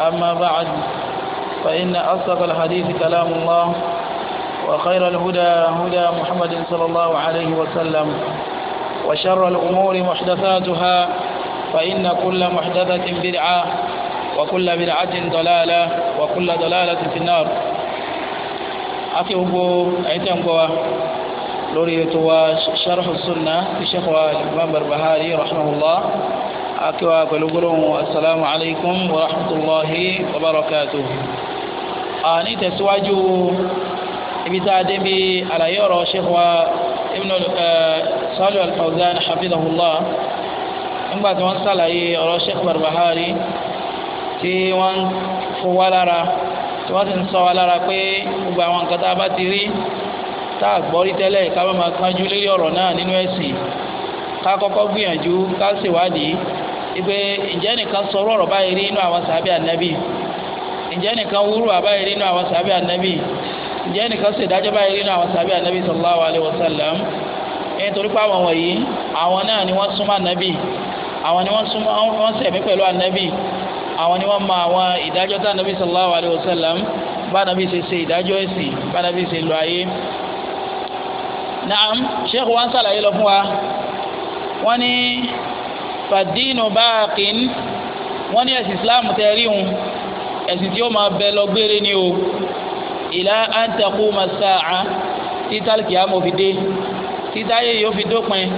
أما بعد فإن أصدق الحديث كلام الله وخير الهدى هدى محمد صلى الله عليه وسلم وشر الأمور محدثاتها فإن كل محدثة بدعة وكل بدعة ضلالة وكل ضلالة في النار أكيبو أيتم قوة لوريتوا شرح السنة لشيخ الإمام البهاري رحمه الله akíwá pẹ̀lú gbólóhùn asalaamu alaykum wa rahmatulahi wa barakatu. ní tẹ̀síwájú ibi tá a dé bi àlàyé ọ̀rọ̀ sheikh wa ibn eh, Salih al-Fawzan hafidahullah nígbà tí wọ́n sàlàyé ọ̀rọ̀ sheikh Barbahari tí wọ́n fún lára tí wọ́n sì ń sọ wa lára pé gbogbo àwọn nǹkan tá a bá ti rí tá a gbọ́ rí tẹ́lẹ̀ ká má máa kánjú lórí ọ̀rọ̀ náà nínú ẹ̀sìn ká kọ́kọ́ gbìyànjú ká ṣèwádìí ìpè ǹjẹ́ nìkan sọ̀rọ̀ ọ̀rọ̀ báyìí rí inú àwọn sàbẹ̀ ànábì ǹjẹ́ nìkan wúrú àbáyìí rí inú àwọn sàbẹ̀ ànábì ǹjẹ́ nìkan ṣèdájọ́ báyìí rí inú àwọn sàbẹ̀ ànábì sallallahu alaihi wasallam ẹ̀yìn torí pé àwọn wọ̀nyí àwọn náà ni wọ́n súnmọ́ ànábì àwọn ni wọ́n súnmọ́ wọ́n ṣẹ̀mí pẹ̀lú ànábì àwọn ni wọ́n mọ àwọn ìdájọ́ tá ànábì sallallahu alaihi wasallam bá ànábì ṣe ṣe ìdájọ́ ẹ̀sìn bá ànábì ṣe lọ ayé. naam sheikh wa ń ṣàlàyé lọ fún wa wọ́n ní fàdínù báàkín wọ́n ní ẹ̀sìn islam tẹ̀rí wọn ẹ̀sìn tí ó máa bẹ lọ gbére ni o ìlà àǹtakù màsáà títàlì kìámù fi dé títàyè yóò fi dópin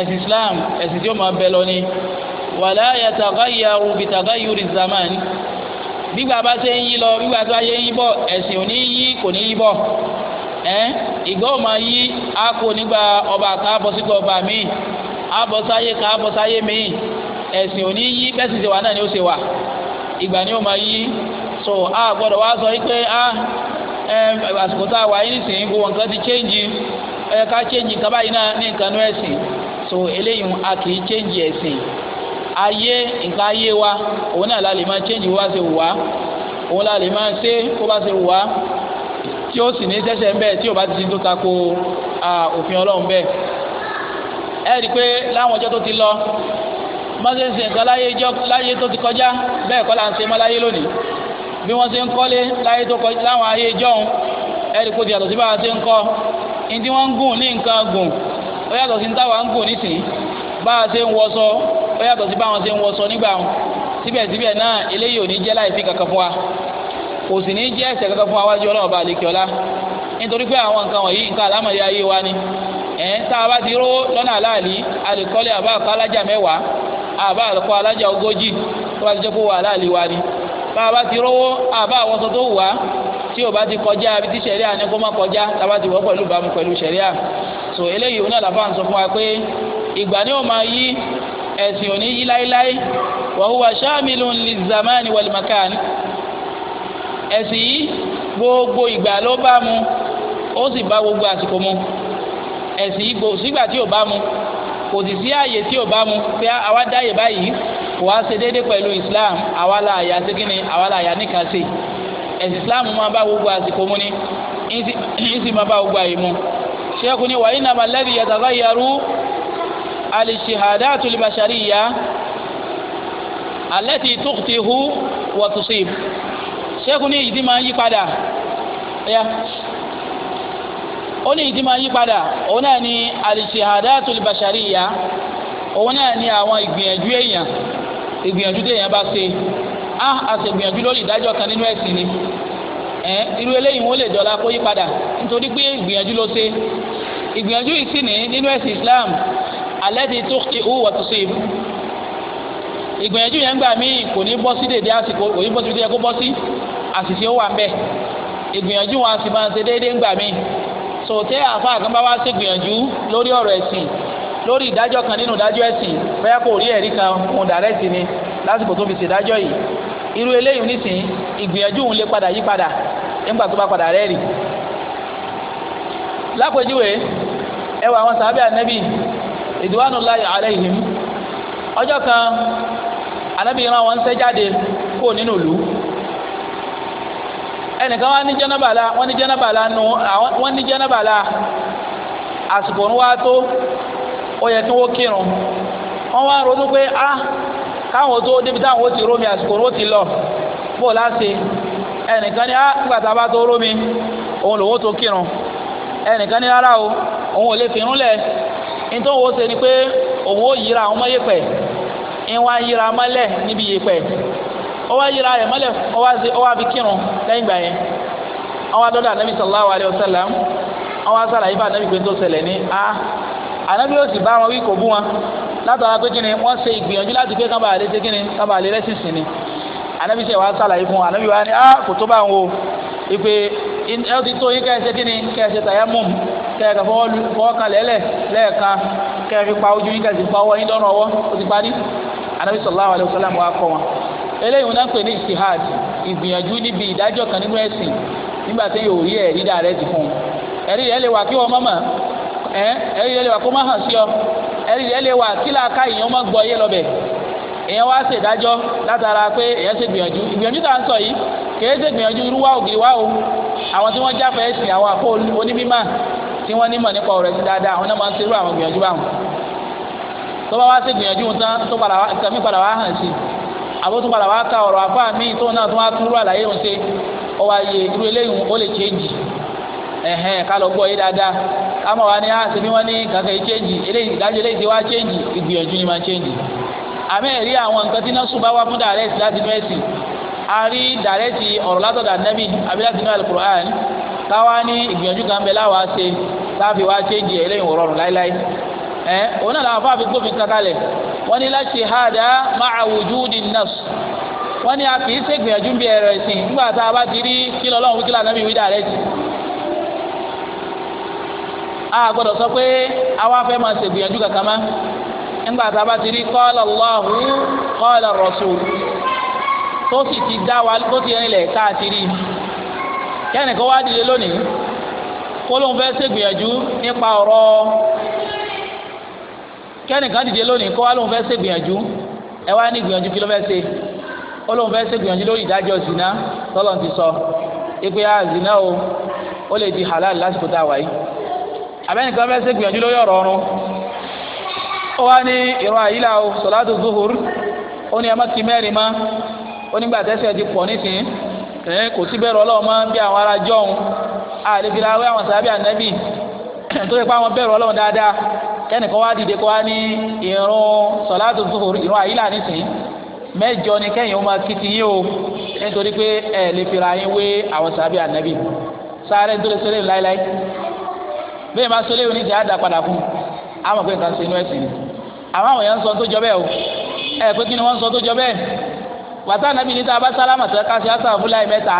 ẹ̀sìn islam ẹ̀sìn tí ó máa bẹ lọ ni wàlá yàtàgáyàrú bìtàgáyúrì zaman gbígbà bá ṣe ń yí lọ gbígbà tó ayé ń yí bọ̀ ẹ̀sìn ò ní yí kò ní yí bọ̀ ẹ́ ìgbọ́ ò máa yí a kò nígbà ọba àtàbọ̀sígbà ọba míì abọ́sáyé ká abọ́sáyé míì ẹ̀sìn ò ní yí bẹ́sì ṣe wà náà ni ó ṣe wà ìgbà ni ó máa yí so a gbọ́dọ̀ wá sọ pé a àsìkò tá a wà yín nísìnyí gbogbo nǹkan ti change ẹ ká change nǹkan báyìí náà ní nǹkan ní ẹ̀sìn so eléyìí a kì í change ẹ̀sìn ayé nǹkan ayé wa òun náà la lè máa change bó bá ṣe wù òun la lè máa ṣe bó bá ṣe wù wá tí ó sì ní sẹ́sẹ̀ ń bẹ tí ò bá ti ti tó tako òfin Ọlọ́run bẹ́ẹ̀. ẹ rí i pé láwọn ọjọ́ tó ti lọ mọ́sẹ̀sì nǹkan láyé tó ti kọjá bẹ́ẹ̀ kọ́ là ń ṣe mọ́ láyé lónìí bí wọ́n ṣe ń kọ́lé láyé tó kọjá láwọn ayé ti yàtọ̀ a ṣe ń kọ́ ní tí wọ́n ń gùn ní nǹkan gùn ó yàtọ̀ sí táwa ń gùn nísìnyí bá a ṣe ń wọṣọ ó yàtọ̀ sí báwọn ṣe ń nígbà wọn síbẹ̀síbẹ̀ náà eléyìí ò ní jẹ́ láì fi kankan fún ọba nítorí pé àwọn nǹkan wọ̀nyí nǹkan àlámọ̀lẹ́ ayé wa ni ẹ̀ ń tá a bá ti ró lọ́nà aláàlí àlùkọ́lé àbá àkọ́ alájà mẹ́wàá àbá àkọ́ alájà ogójì tó bá ti jẹ́ kó wà aláàlí wa ni bá a bá ti rówó àbá àwọsọ tó wà tí o bá ti kọjá àbí tí sẹ̀ríà ni kó má kọjá tábà ti wọ́ pẹ̀lú ìbámu pẹ̀lú sẹ̀ríà so eléyìí wọn náà làbá ń sọ fún wa pé ìgbà ni ó máa yí ẹ̀sìn òní yí láéláé wa huwa shamilun lizzamani wal makan ẹ̀sìn yìí gbogbo ìgbà ló bá mu ó sì bá gbogbo àsìkò mu ẹ̀sìn ìgbò sígbà tí ò bá mu kò sì sí àyè tí ò bá mu pé àwa dáyè báyìí kò wá ṣe déédéé pẹ̀lú Islam àwa la àyà sí kíni àwa la àyà níkan sí ẹ̀sìn Islam máa bá gbogbo àsìkò mu ni ń sì máa bá gbogbo àyè mu ṣẹ́kù ni wàyí nàmà lẹ́bi yàtàkà yàrú alìṣìhàdá àtúlìbàṣàríyà alẹ́ ti tókùtì hu wọ́tùsí ṣẹ́kù ni ìdí máa yí padà ó ní ìdí máa yí padà òun náà ni al-shahadatul bashariyya òun náà ni àwọn ìgbìyànjú èèyàn ìgbìyànjú téèyàn bá ṣe á àṣègbìyànjú lórí ìdájọ́ kan nínú ẹ̀sìn ni ẹ irú eléyìí wọn lè dọ̀la kó yí padà nítorí pé ìgbìyànjú ló ṣe ìgbìyànjú yìí sì ní nínú ẹ̀sìn Islam allati tukhti'u wa tusib ìgbìyànjú yẹn gbà mí kò ní bọ́ sí déédéé àsìkò kò ní bọ́ sí déédéé kó bọ́ sí àṣìṣe ó wà ń bẹ̀ ìgbìyànjú wọn a sì máa ṣe déédéé ń gbà mí sòtẹ́ afọ àkànbá wa ṣe gbìyànjú lórí ọ̀rọ̀ ẹ̀sìn lórí ìdájọ́ kan nínú ìdájọ́ ẹ̀sìn bẹ́ẹ̀ kò rí ẹ̀rí kan òun ni lásìkò tó fi yìí irú eléyìí nísìnyí ìgbìyànjú òun lè padà yí padà nígbà tó bá padà lápèjúwe kan rán wọn jáde kó nínú ẹnìkan wá ní jẹ́nàbàlà wọ́n ní jẹ́nàbàlà nù wọ́n ní jẹ́nàbàlà àsìkò ń wá tó ó yẹ kí kírun wá ronú pé a ah, káwọn tó débi táwọn ó ti rómi àsìkò ń ti lọ bó láti ẹnìkan a ah, nígbà tá a bá tó rómi òun lòun ó tó kírun ẹnìkan ní rárá o òun ò lè fi irun lẹ̀ nítorí ó ni pé òun ó yíra àwọn ọmọ yíra ọwọ́ yíra rẹ̀ mọ́lẹ̀ ọwọ́ àfi kírun lẹ́yìn ìgbà yẹn ọwọ́ adọ́dọ̀ anabi sallallahu alayhi wa sallam ọwọ́ asàlàyé bá anabi pé tó ṣẹlẹ̀ ní a anabi yóò sì bá wọn wí kò bú wọn látara pé kíni wọ́n ṣe ìgbìyànjú láti pé kábàá lè ṣe kíni kábàá lè rẹ́sì sí ni anabi sẹ wàá sàlàyé fún anabi wàá ní a kò tó bá wọn o ìpè ẹ ti tó yín kẹ́ ẹ ṣe kíni kẹ́ ẹ ṣe tayammum kẹ́ ẹ lẹ́lẹ̀ lẹ́ẹ̀kan kẹ́ pa ojú yín kẹ́ ẹ yín dọ́nà ọwọ́ ó ti parí anabi sallallahu alayhi wa sallam wàá wọn eléyìí wọn náà ń pè ní ìtihad ìgbìyànjú níbi ìdájọ́ kan nínú ẹ̀sìn nígbà tí yóò rí ẹ̀rí dà rẹ ti fún un ẹ̀rí rẹ lè wà kí wọ́n mọ̀mọ́ ẹ̀ ẹ̀rí rẹ lè wà kó má hàn sí ọ ẹ̀rí rẹ lè wà kí làákà èèyàn má gbọ́ yé lọ́bẹ̀ èèyàn wá ṣèdájọ́ látara pé èèyàn ṣe gbìyànjú ìgbìyànjú tá à ń sọ yìí kèé ṣe gbìyànjú irú wa ògiri wa o àwọn tí wọ́n jáfẹ́ ẹ̀sìn àwọn àpò onímímà tí wọ́n nímọ̀ nípa ọ̀rọ̀ ẹ̀sìn dáadáa àwọn náà máa ń ṣerú àwọn gbìyànjú báwọn tó bá wá ṣe gbìyànjú tán tó padà wá hàn sí i àbótún padà wá ka ọ̀rọ̀ àfa mi tó náà tó wá tún rú àlàyé òun ṣe ọ wá yẹ irú eléyìí ó lè chéjì ẹ̀hẹ́n ká gbọ́ yé dáadáa káma wá ní àṣẹ ah, bí wọ́n ní kankan yìí chéjì eléyìí ìdájọ́ eléyìí ti wá chéjì ìgbìyànjú ni máa chéjì àmì ẹ̀rí àwọn nǹkan tí náà súnbà wá fún dàrẹ́tì láti inú ẹ̀sìn a rí dàrẹ́tì ọ̀rọ̀ látọ̀dà nẹ́bì àbí láti inú alukur'an káwá ní ìgbìyànjú kan bẹ láwa ṣe wọ́n ní láti hada ma'a wọ́n a kì í ṣègbìyànjú bí ẹ̀rọ ẹ̀sìn nígbà tá a bá ti rí kí a gbọ́dọ̀ sọ pé àwa fẹ́ máa ṣègbìyànjú kankan má nígbà tá a bá ti rí tó sì ti dá wa tó ti rìn káàkiri kẹ́nìkan wá dìde lónìí kẹ́nìkan dìde lónìí kó wá lóun fẹ́ ṣègbìyànjú ẹ wá ní ìgbìyànjú kí ló fẹ́ ṣe ó lóun fẹ́ ṣègbìyànjú lórí ìdájọ́ zina tọ́lọ̀ ti sọ ipe a ah, zina o ó lè di halal lásìkò tá a wáyé abẹ́nìkan fẹ́ ṣègbìyànjú lórí ọ̀rọ̀ ọ̀run ó wá ní ìrọ̀ àyílà o sọ̀látù zuhur ó ní ẹ má kí mẹ́rin má ó nígbà tẹ́sẹ̀ ti pọ̀ nísìnyí ẹ̀ kò sí bẹ́ẹ̀rù ọlọ́run kẹ́nìkan wá dìde kó wá ní ìrun sọ̀láàtù zuhur ìrun àyílà nísìnyí mẹ́jọ ni kẹ́yìn ó máa kìtì yín o nítorí pé ẹ lè fira yín wé àwọn sàbí ànábì sáré nítorí sẹ́lẹ̀ láéláé bẹ́ẹ̀ máa sẹ́lẹ̀ oníṣẹ́ á dá padà fún àwọn pé nǹkan ṣe inú ẹ̀sìn ni àwọn àwọn èèyàn ń sọ tó jọ bẹ́ẹ̀ o ẹ pé kí ni wọ́n ń sọ tó jọ bẹ́ẹ̀ wàtá ànábì ní tá a bá àtàwọn fúláì mẹ́ta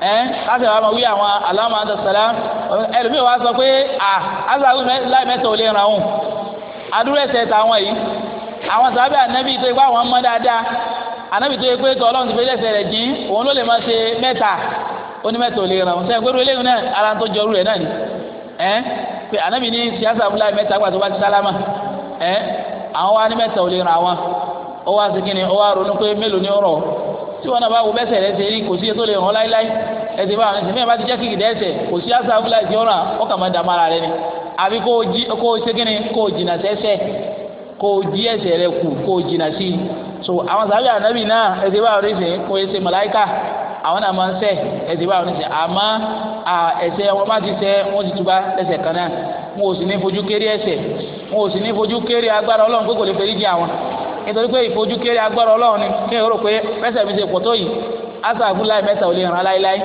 ẹ káṣẹ wàá ma wí àwọn aláma àti sàlám ẹlòmíì wàá sọ pé à azàwí láì mẹ́ta ò lè ràn òun adúrú ẹsẹ tàwọn yìí àwọn sábẹ ànábì tó ipá wọn mọ dáadáa ànábì tó ipé tó Ọlọ́run ti fi ẹsẹ rẹ jìn òun ló lè máa ṣe mẹ́ta ò lè ni ẹ pé ànábì ní láì mẹ́ta bá ti sálámà ẹ àwọn wa ní mẹ́ta ò lè ràn àwọn ó wá sí ó wá ronú pé mélòó ni ó tí wọn náà bá wo bẹ́sẹ̀ rẹ ṣe rí kò sí ètò lè ràn láíláí ẹsẹ̀ bá àwọn ẹsẹ̀ mẹ́rin bá ti jẹ́ kíkì dẹ́sẹ̀ kò sí àṣà fúlà ìṣẹ́ ọ̀ràn ọkàn máa dàmú ara rẹ ni àbí kò jí kò ṣe kò jìnà sẹ́sẹ̀ kò jí ẹsẹ̀ rẹ kù kò jìnà sí i so àwọn sábẹ́ ànábì náà ẹsẹ̀ bá àwọn ẹsẹ̀ kò ṣe màláíkà àwọn náà máa ń ṣẹ̀ ẹsẹ̀ bá àwọn ẹsẹ̀ àmọ́ ẹsẹ̀ wọn bá ti ṣẹ̀ wọn ti túbá lẹ́sẹ̀ kan náà wọn ò sì ní fojú kéré ẹsẹ̀ wọn ò sì ní fojú kéré agbára Ọlọ́run pé kò lè fẹ́ yíjì àwọn nítorí pé ìfojúkéré agbára ọlọ́run ni kí èrò pé mẹ́sẹ̀ mi ṣe pọ̀ tó yìí ásà àbúláì mẹ́sẹ̀ ò lè ràn láéláé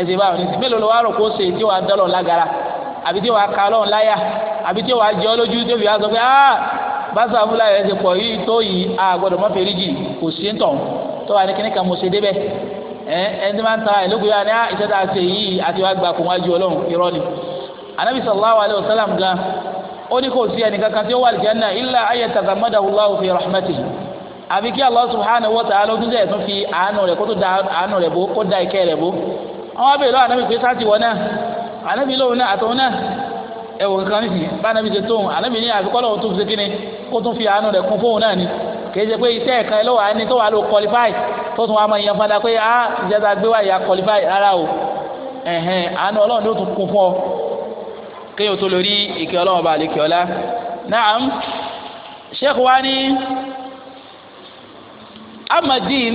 ẹ̀sìn báwọn ní mélòó ló wá rò kó ṣe tí wàá dọ́lọ̀ lágara àbí tí wàá ka ọlọ́run láyà àbí tí wàá jẹ́ ọlójú tó fi wá sọ pé ah bàtà àbúláì ẹ̀sìn pọ̀ yìí tó yìí àgbọ̀dọ̀ mọ́ fèrèjì kò sí ń tàn tó wà ní kíní kan mo ṣe débẹ̀ ẹni ó ko kò sí ẹnìkankan tí ó wà àlùjánnà illa ayé tazamadahu Allahu fi rahmatihi Abi kí Allah subhanahu wa ta'ala tún jẹ́ ẹ̀tún fi àánú rẹ̀ kó tó da àánú rẹ̀ bó kó da ìkẹ́ rẹ̀ bó àwọn abẹ́rẹ́ lọ́wọ́ kwe pé sáàtì wọ náà anábì lóhùn náà àtọ̀hún náà ẹ̀wọ̀n kankan nìsí bá ṣe ní tó fi ṣe kíni kó tún fi àánú rẹ̀ kún fóun náà ni kìí ṣe pé iṣẹ́ ẹ̀ka lọ́wọ́ ẹni tó wà ló tó tún wà máa yan kéèyàn tó lórí ìkẹ́ ọlọ́wọ́n bá àlekẹ́ ọlá naam sheikh wa ni amadin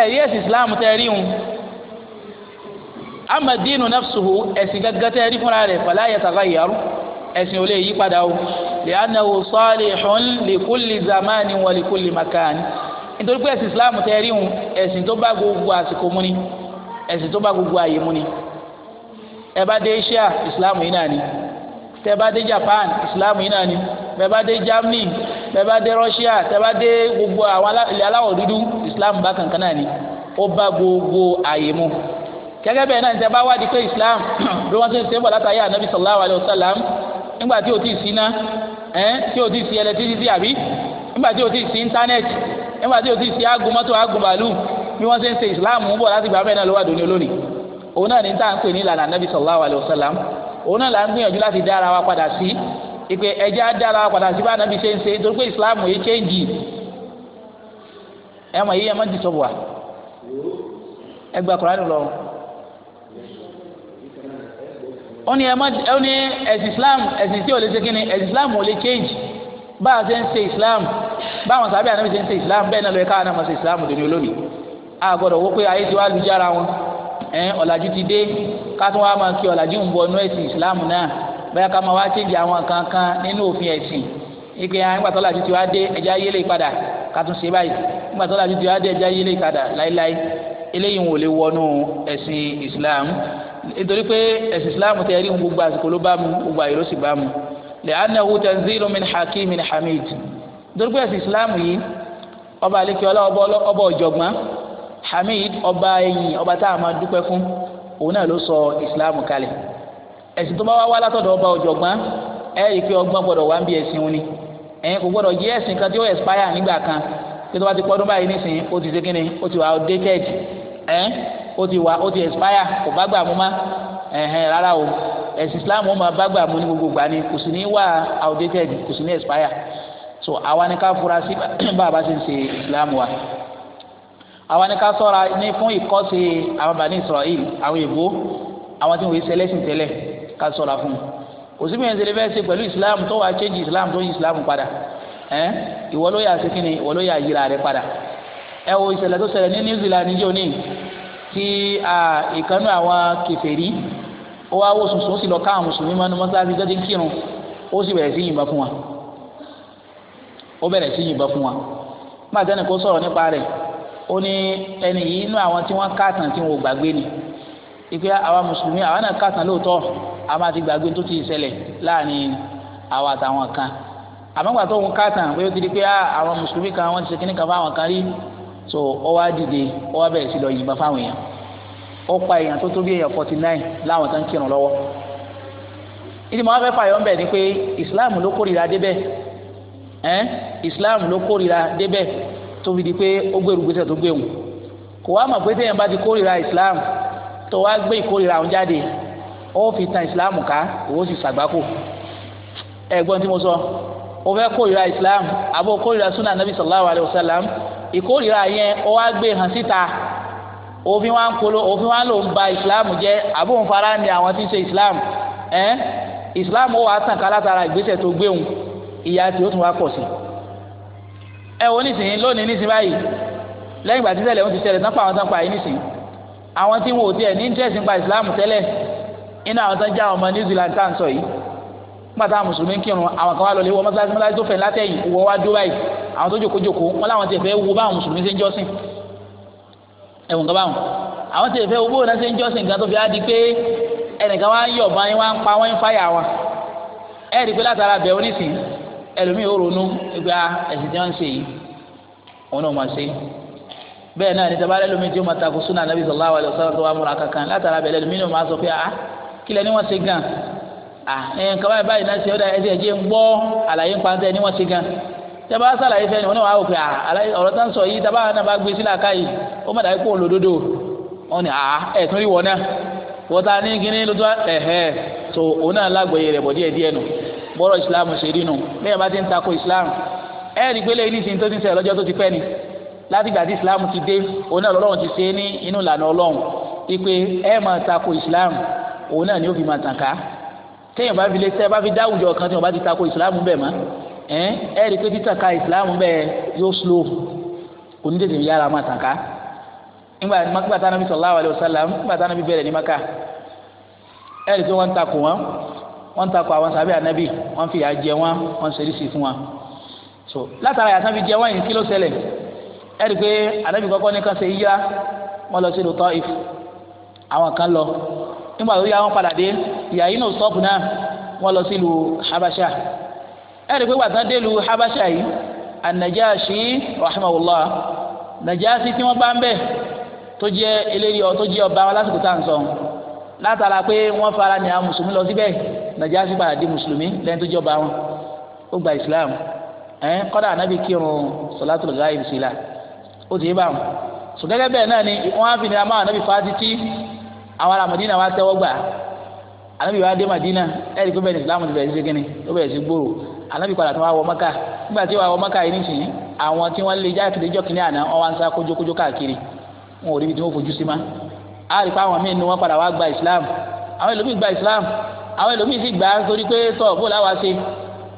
ẹ̀rí ẹ̀sìn islam tẹ́rí hun amadinu nafsuhu ẹ̀sìn gẹ́gẹ́ tẹ́rí fúnra rẹ̀ fala yataghayyar ẹ̀sìn ò lè yí padà o li'annahu salihun likulli zamani wa likulli makan nítorí pé ẹ̀sìn islam tẹ́rí hun ẹ̀sìn tó bá gbogbo àsìkò mu ni ẹ̀sìn tó bá gbogbo àyè mu ni ẹ bá dé ṣíà islam yìí náà ni tẹ́ bá dé Japan Islam yìí náà ni bẹ́ẹ̀ bá dé Germany bẹ́ẹ̀ bá dé Russia tẹ́ bá dé gbogbo àwọn ilẹ̀ aláwọ̀ dúdú Islam bá kankan náà ni ó bá gbogbo àyè mu gẹ́gẹ́ bẹ́ẹ̀ náà tẹ́ bá wádìí pé Islam bí wọ́n ti ń ṣe bọ̀ látàyè Ànábì sallallahu alayhi wa sallam nígbà tí o ti sí náà ẹ̀ tí o ti sí ẹlẹtírísítì àbí nígbà tí o ti sí íńtánẹ́ẹ̀tì nígbà tí o ti sí agumọ́tò agumàlù bí wọ́n ti ń ṣe Islam ń bọ̀ láti gbà bẹ́ẹ̀ náà ló wà dòní olónìí òun náà ní tá à ń pè ní ìlànà Ànábì sallallahu alayhi òun náà là ń gbìyànjú láti dá ara wa padà sí ìpè ẹjẹ á dá ara wa padà sí bá anabi ṣe ń ṣe torí pé islam yìí kéńjì ẹ mọ èyí ẹ má ti sọ wà ẹ gba kuraani lọ ó ní ẹ má ó ní ẹsìn islam ẹsìn tí ò lè ṣe kí ni ẹsìn islam ò lè kéńjì báwa ṣe ń ṣe islam báwọn sábẹ́ anabi ṣe ń ṣe islam bẹ́ẹ̀ náà ló yẹ káwọn náà ṣe islam lónìí olónìí a gbọ́dọ̀ wó pé ayé ti wá lu jára wọn ẹ ọ̀làjú ti dé ká tún wá máa kí ọ̀làjú ń bọ inú ẹ̀sìn ìsìláàmù náà bẹ́ẹ̀ ká máa wá tẹ̀lé àwọn kankan nínú òfin ẹ̀sìn ike ya ńgbà tó ọ̀làjú ti wá dé ẹja yẹlẹ padà ká tún ṣe báyìí ńgbà tó ọ̀làjú ti wá dé ẹja yẹlẹ padà láéláé eléyìí wò lè wọnú ẹ̀sìn ìsìláàmù nítorí pé ẹ̀sìn ìsìláàmù tẹ̀ rí gbogbo àsìkò ló bá mu gbogbo àyè ló sì bá mu lẹ́hánnáhu tanzilu min hakimin hamid nítorí pé ẹ̀sìn ìsìláàmù yìí ọba àlekè ọlá ọba ọjọ̀gbọ́n hamid ọba ẹ̀yìn ọba tá a máa dúpẹ́ fún òun náà ló sọ ìsìláàmù kalẹ̀ ẹ̀sìn tó bá wá wá látọ̀dọ̀ ọba ọ̀jọ̀gbọ́n ẹ rí i pé ọgbọ́n gbọ́dọ̀ wá ń bí ẹ̀sìn òun ni ẹ̀yin kò gbọ́dọ̀ jẹ́ ẹ̀sìn kan tí ó expire nígbà kan tí tó bá ti pọ́dún báyìí nísìnyí ó ti ṣe kí ó ti wà outdated ẹ̀ ó ti wà ó ti expire kò bá gbà mú má ẹ̀hẹ̀ rárá o ẹ̀sìn islam ó máa bá gbà mú ní gbogbo gbà ni kò sì ní wà outdated kò sì ní expire so àwa ni ká fura sí bá a bá ṣe ń ṣe islam wa àwọn ẹni ká sọ́ra ní fún ìkọ́sí àwọn bani Israel àwọn èbó àwọn tí wọ́n ṣe lẹ́sìn tẹ́lẹ̀ ká sọ́ra fún un kò sí mìíràn tẹ́lẹ̀ fẹ́ẹ́ ṣe pẹ̀lú Islam tó wàá change Islam tó yí Islam padà ẹ́ ìwọ ló yà sí kínni ìwọ ló yà yíra rẹ padà ẹ wo ìṣẹ̀lẹ̀ tó ṣẹlẹ̀ ní New Zealand níjẹ́ òní tí ìkànnì àwọn kèfèrí ó wá wò sùn sùn ó sì lọ káwọn mùsùlùmí mọ́nú mọ́sáàbí tó kírun ó sì bẹ̀rẹ̀ sí yìnbọn fún wa ó bẹ̀rẹ̀ sí yìnbọn fún wa má ó ní ẹni yìí inú àwọn tí wọ́n kàtàn tí wọ́n ò gbàgbé ni ìpè àwa mùsùlùmí àwa náà kàtàn lóòótọ́ a máa ti gbàgbé tó ti ṣẹlẹ̀ láàrin àwa àtàwọn kan àmọ́gbà tó ń kàtàn pé ti di pé ah, àwọn mùsùlùmí kan wọ́n ti ṣe kíní kan fáwọn kan rí so ó wá dìde ó wá bẹ̀rẹ̀ sí lọ yìnbọn fáwọn èèyàn ó pa èèyàn tó tó bí èèyàn forty nine láwọn tó ń kírun lọ́wọ́ ìdìmọ̀ wọn fẹ́ fààyàn bẹ̀ ni pé Islam ló kórìíra débẹ̀ ẹ́ Islam ló kórìíra débẹ̀ tó fi di pé ó gbèrú gbèsè tó gbèwù kò wá mọ̀ pé téèyàn bá ti kórìíra islam tó wá gbé ìkórìíra àwọn jáde ó fi tan islam ká òwò sì ṣàgbákò ẹ̀gbọ́n tí mo sọ ó fẹ́ kórìíra islam àbò kórìíra sunna nabi sallallahu alayhi wa sallam ìkórìíra yẹn ó wá gbé hàn síta òfin wa ń kolo òfin wa ń lò ń ba islam jẹ àbò ń fara ni àwọn tí ń ṣe islam ẹ islam ó wàá tàn ká látara ìgbésẹ̀ tó gbéhùn ìyà tí ó tún wá pọ̀ sí i ẹ wo nísìnyí lónìí nísìnyí báyìí lẹ́yìn ìgbà tí ṣẹlẹ̀ wọ́n ti ṣẹlẹ̀ tán pa àwọn tán pa yìí nísìnyí àwọn tí wọn ò tiẹ̀ ní interest nípa ìsìláàmù tẹ́lẹ̀ iná àwọn tán já àwọn ọmọ New Zealand tá à ń sọ yìí nígbà táwọn mùsùlùmí ń kírun àwọn kan wá lọ lé wọ mọ́sálásí mọ́sálásí tó fẹ̀ látẹ̀yìn wọ́ wá dó báyìí àwọn tó jòkó jòkó wọn láwọn tiẹ̀ fẹ́ wo báwọn mùsùlùmí ṣe ń jọ́sìn ẹ̀wọ̀n kan báwọn àwọn tiẹ̀ fẹ́ wo bóun náà ṣe ń jọ́sìn nǹkan tó fi á di pé ẹnìkan wá ń yọ̀ bá yín ń pa wọ́n ń fáyà wọn ẹ̀ẹ́dì pé látara bẹ̀rù nísìnyí ẹlòmíì ó ronú a ah, ẹ̀sìn tí wọ́n ń ṣe yìí òun náà máa ṣe bẹ́ẹ̀ náà ní tabalẹ̀ lómi tí ó máa takò súnà nàbí sallallahu alaihi wasallam tó wà múra kankan látara bẹ̀rẹ̀ lómi náà máa sọ pé ah kílẹ̀ ni wọ́n ṣe gan ah nǹkan báyìí báyìí náà ṣe ó dá ẹsẹ̀ ń gbọ́ àlàyé ń ni ṣe gan tẹ́bá sàlàyé fẹ́ni wọn náà wà ó pé ah ọ̀rọ̀ sọ yìí náà bá gbé yìí ó má bọ́rọ̀ islam ṣe rí nù lẹ́yìn bá ti ń takò islam ẹ̀ẹ́dì gbélé ní ìsìn tó ti ń ṣẹlẹ̀ lọ́jọ́ tó ti pẹ́ ni láti gbà islam ti dé òun náà lọ́lọ́run ti ṣe é ní inú ìlànà ọlọ́run ipe ẹ máa takò islam òun náà ni ó fi máa tàn ká téèyàn bá fi lé tẹ́ bá fi dáwùjọ kan tí bá ti takò islam bẹ̀ mọ́ ẹ̀ẹ́dì pé títàn ká islam bẹ̀ yóò slow kò ní tètè yára máa tàn ká nígbà nígbà tánábi sallallahu alaihi wasallam nígbà tánábi bẹ̀rẹ̀ ní maka ẹ̀ẹ́dì tó wọ́n ń takò wọn wọ́n takò àwọn sábẹ́ ànábì wọ́n fìyà jẹ wọ́n wọ́n ṣe fún wọn. so látara yàtọ̀ fi jẹ wọ́n yìí kí ló ṣẹlẹ̀ ẹ̀rí pé ànábì kọ́kọ́ ní kan ṣe yíyá wọ́n lọ sínú Taif àwọn kan lọ nígbà tó yá wọn padà dé ìyá yìí náà náà wọ́n lọ sílùú Habasha ẹ̀rí pé wàtá délùú Habasha yìí An-Najashi rahimahullah Najashi tí wọ́n bá ń bẹ̀ tó jẹ́ eléyìí ọ tó jẹ́ ọba wọn lásìkò tá à ń sọ̀rọ̀ látara pé wọ́n fara ní àwọn mùsùlùmí lọ síbẹ̀ Nàjàṣì padà di mùsùlùmí lẹ́yìn tó jọba wọn ó gba islam ẹ̀ kọ́dà anábì kírun sọ̀látùl ghaib sí la ó ti yé báwọn sùgẹ́gẹ́ bẹ́ẹ̀ náà ni wọ́n á fi ní amáwọn anábì fáti tí àwọn ará Madina wa tẹ́wọ́ gbà anábì wa dé Madina ẹ̀rí pé bẹ́ẹ̀ ni islam ti bẹ̀rẹ̀ sí kíni ó bẹ̀rẹ̀ sí gbòòrò anábì padà tó wá wọ Mẹ́kà nígbà tí wàá wọ Mẹ́kà yìí nìsín àwọn tí wọ́n lé jákèjọ́ kìnìún àná wọ́n wá ń sá kójókójó káàkiri wọn ò rí ibi tí wọ́n fojú sí máa a rí i pé àwọn míì ni wọ́n padà wá gba islam àwọn ẹlòmíì gba islam àwọn ẹlòmíì sì gbà á torí pé tọ̀ bó la wá ṣe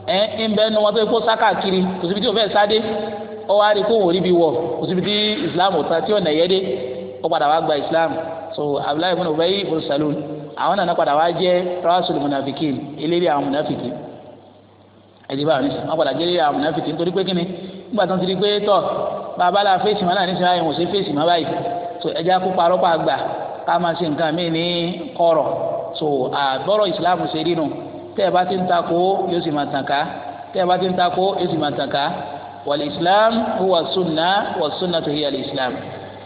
ẹ̀ ń bẹ́ẹ̀ nu wọn tó kó sákàkiri kò síbi tí o fẹ́ sáde ó wá rí i pé òun ò rí bi wọ̀ kò síbi tí islam ò tán tí ò nàyẹ́ dé ó padà wá gba islam so abdullahi ibn ubayi ibn salul àwọn nana padà wá jẹ́ rasul munafikin eléré àwọn munafikin ẹ̀dí báwọn ní sọ wọn padà jẹ́ eléré àwọn munafikin torí pé kíni nígbà tó ń tiri pé tọ̀ bàbá la fèsì mọ́ náà ní sọ ayé wọn ò fèsì mọ́ báyìí so ẹ̀jẹ̀ akópa arọ́pàá gbà ká máa ṣe nǹkan mí ní kọ̀rọ̀ so àbọ̀rọ̀ ìsìláàmù ṣe rí nù tẹ́ ẹ bá ti ń takò yóò sì máa tàn ká tẹ́ ẹ bá ti ń takò yóò sì máa tàn ká wàlí islam huwa sunna wà sunna tó hiya lè islam